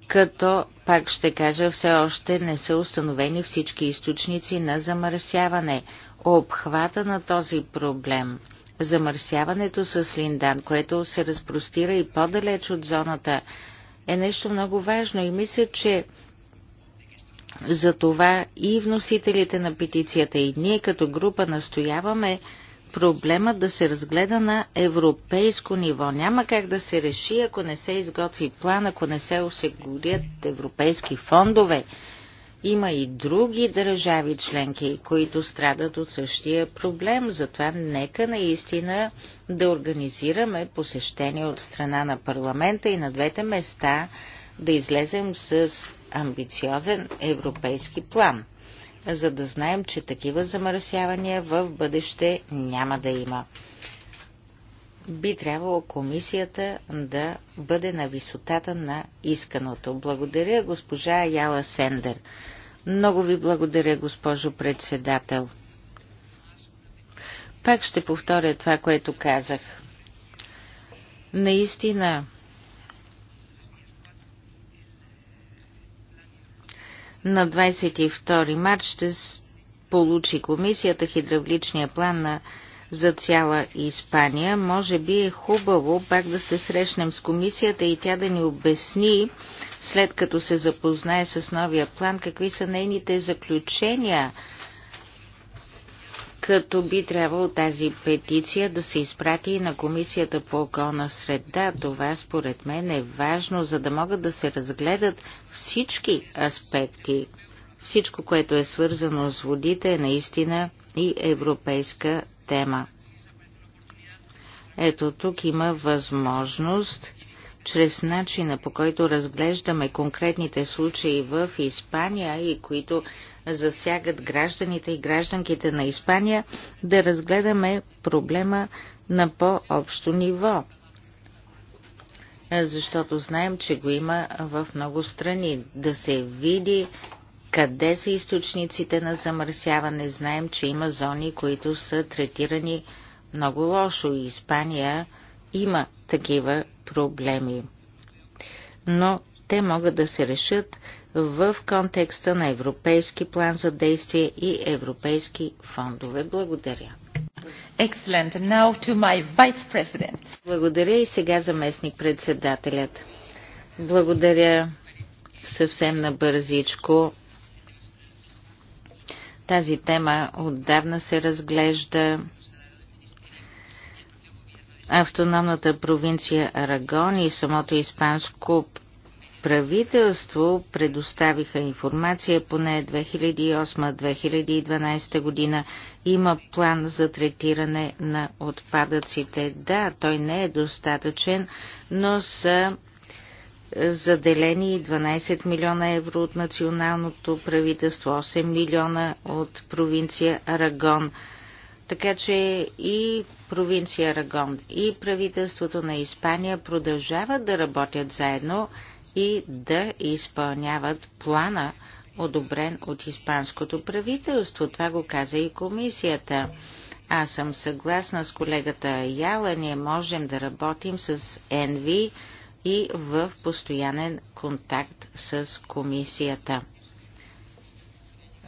[SPEAKER 4] като пак ще кажа, все още не са установени всички източници на замърсяване. Обхвата на този проблем замърсяването с линдан, което се разпростира и по-далеч от зоната, е нещо много важно и мисля, че за това и вносителите на петицията и ние като група настояваме проблема да се разгледа на европейско ниво. Няма как да се реши, ако не се изготви план, ако не се осигурят европейски фондове. Има и други държави членки, които страдат от същия проблем. Затова нека наистина да организираме посещение от страна на парламента и на двете места да излезем с амбициозен европейски план – за да знаем, че такива замърсявания в бъдеще няма да има. Би трябвало комисията да бъде на висотата на исканото. Благодаря, госпожа Яла Сендер. Много ви благодаря, госпожо председател. Пак ще повторя това, което казах. Наистина, На 22 март ще получи комисията хидравличния план на за цяла Испания. Може би е хубаво пак да се срещнем с комисията и тя да ни обясни, след като се запознае с новия план, какви са нейните заключения като би трябвало тази петиция да се изпрати и на Комисията по околна среда. Това според мен е важно, за да могат да се разгледат всички аспекти. Всичко, което е свързано с водите, е наистина и европейска тема. Ето тук има възможност чрез начина по който разглеждаме конкретните случаи в Испания и които засягат гражданите и гражданките на Испания, да разгледаме проблема на по-общо ниво. Защото знаем, че го има в много страни. Да се види къде са източниците на замърсяване. Знаем, че има зони, които са третирани много лошо. И Испания има такива проблеми. Но те могат да се решат в контекста на Европейски план за действие и европейски фондове. Благодаря. Excellent. Now to my vice president. Благодаря и сега заместник председателят. Благодаря съвсем набързичко. Тази тема отдавна се разглежда автономната провинция Арагон и самото испанско правителство предоставиха информация поне 2008-2012 година. Има план за третиране на отпадъците. Да, той не е достатъчен, но са заделени 12 милиона евро от националното правителство, 8 милиона от провинция Арагон – така че и провинция Рагон и правителството на Испания продължават да работят заедно и да изпълняват плана, одобрен от испанското правителство. Това го каза и комисията. Аз съм съгласна с колегата Яла, ние можем да работим с ЕНВИ и в постоянен контакт с комисията.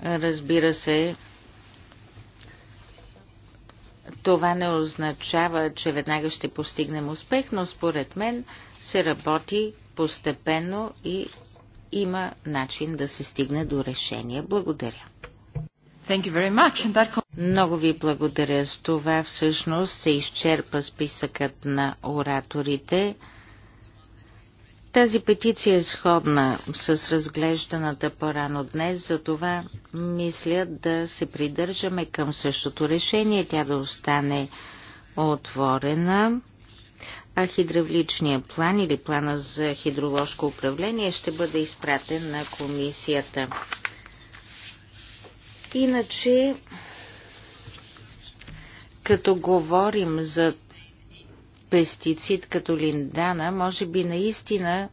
[SPEAKER 4] Разбира се, това не означава, че веднага ще постигнем успех, но според мен се работи постепенно и има начин да се стигне до решение. Благодаря. Thank you very much. And that... Много ви благодаря. С това всъщност се изчерпа списъкът на ораторите. Тази петиция е сходна с разглежданата по-рано днес, затова мисля да се придържаме към същото решение, тя да остане отворена, а хидравличният план или плана за хидроложко управление ще бъде изпратен на комисията. Иначе, като говорим за пестицид като линдана, може би наистина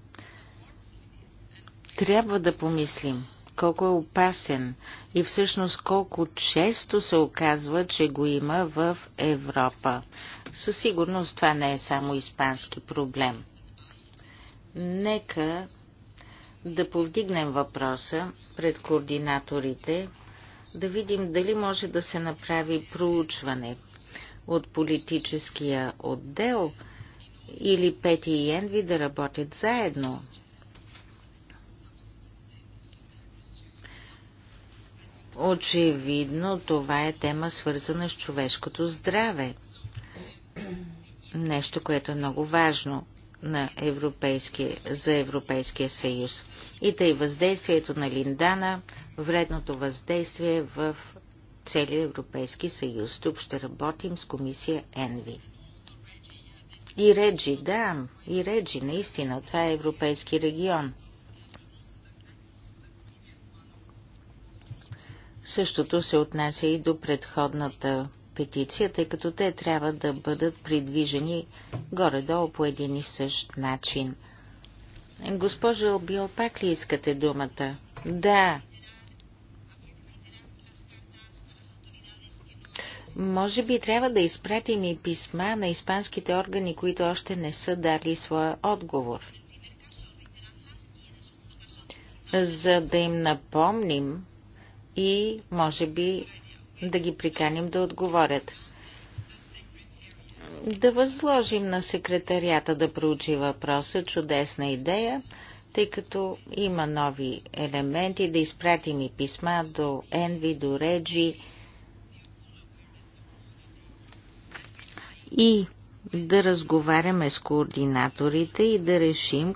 [SPEAKER 4] трябва да помислим колко е опасен и всъщност колко често се оказва, че го има в Европа. Със сигурност това не е само испански проблем. Нека да повдигнем въпроса пред координаторите, да видим дали може да се направи проучване, от политическия отдел или Пети и Енви да работят заедно. Очевидно, това е тема свързана с човешкото здраве. Нещо, което е много важно на европейски, за Европейския съюз. И тъй въздействието на Линдана, вредното въздействие в целия Европейски съюз. Тук ще работим с комисия ЕНВИ. И Реджи, да, и Реджи, наистина, това е европейски регион. Същото се отнася и до предходната петиция, тъй като те трябва да бъдат придвижени горе-долу по един и същ начин. Госпожо Биопак, пак ли искате думата? Да, Може би трябва да изпратим и писма на испанските органи, които още не са дали своя отговор. За да им напомним и, може би, да ги приканим да отговорят. Да възложим на секретарията да проучи въпроса, чудесна идея, тъй като има нови елементи, да изпратим и писма до Енви, до Реджи, и да разговаряме с координаторите и да решим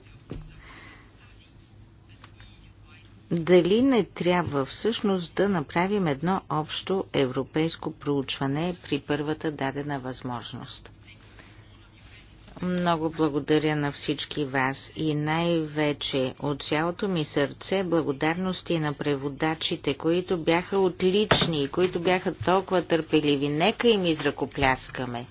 [SPEAKER 4] дали не трябва всъщност да направим едно общо европейско проучване при първата дадена възможност. Много благодаря на всички вас и най-вече от цялото ми сърце благодарности на преводачите, които бяха отлични и които бяха толкова търпеливи. Нека им изръкопляскаме.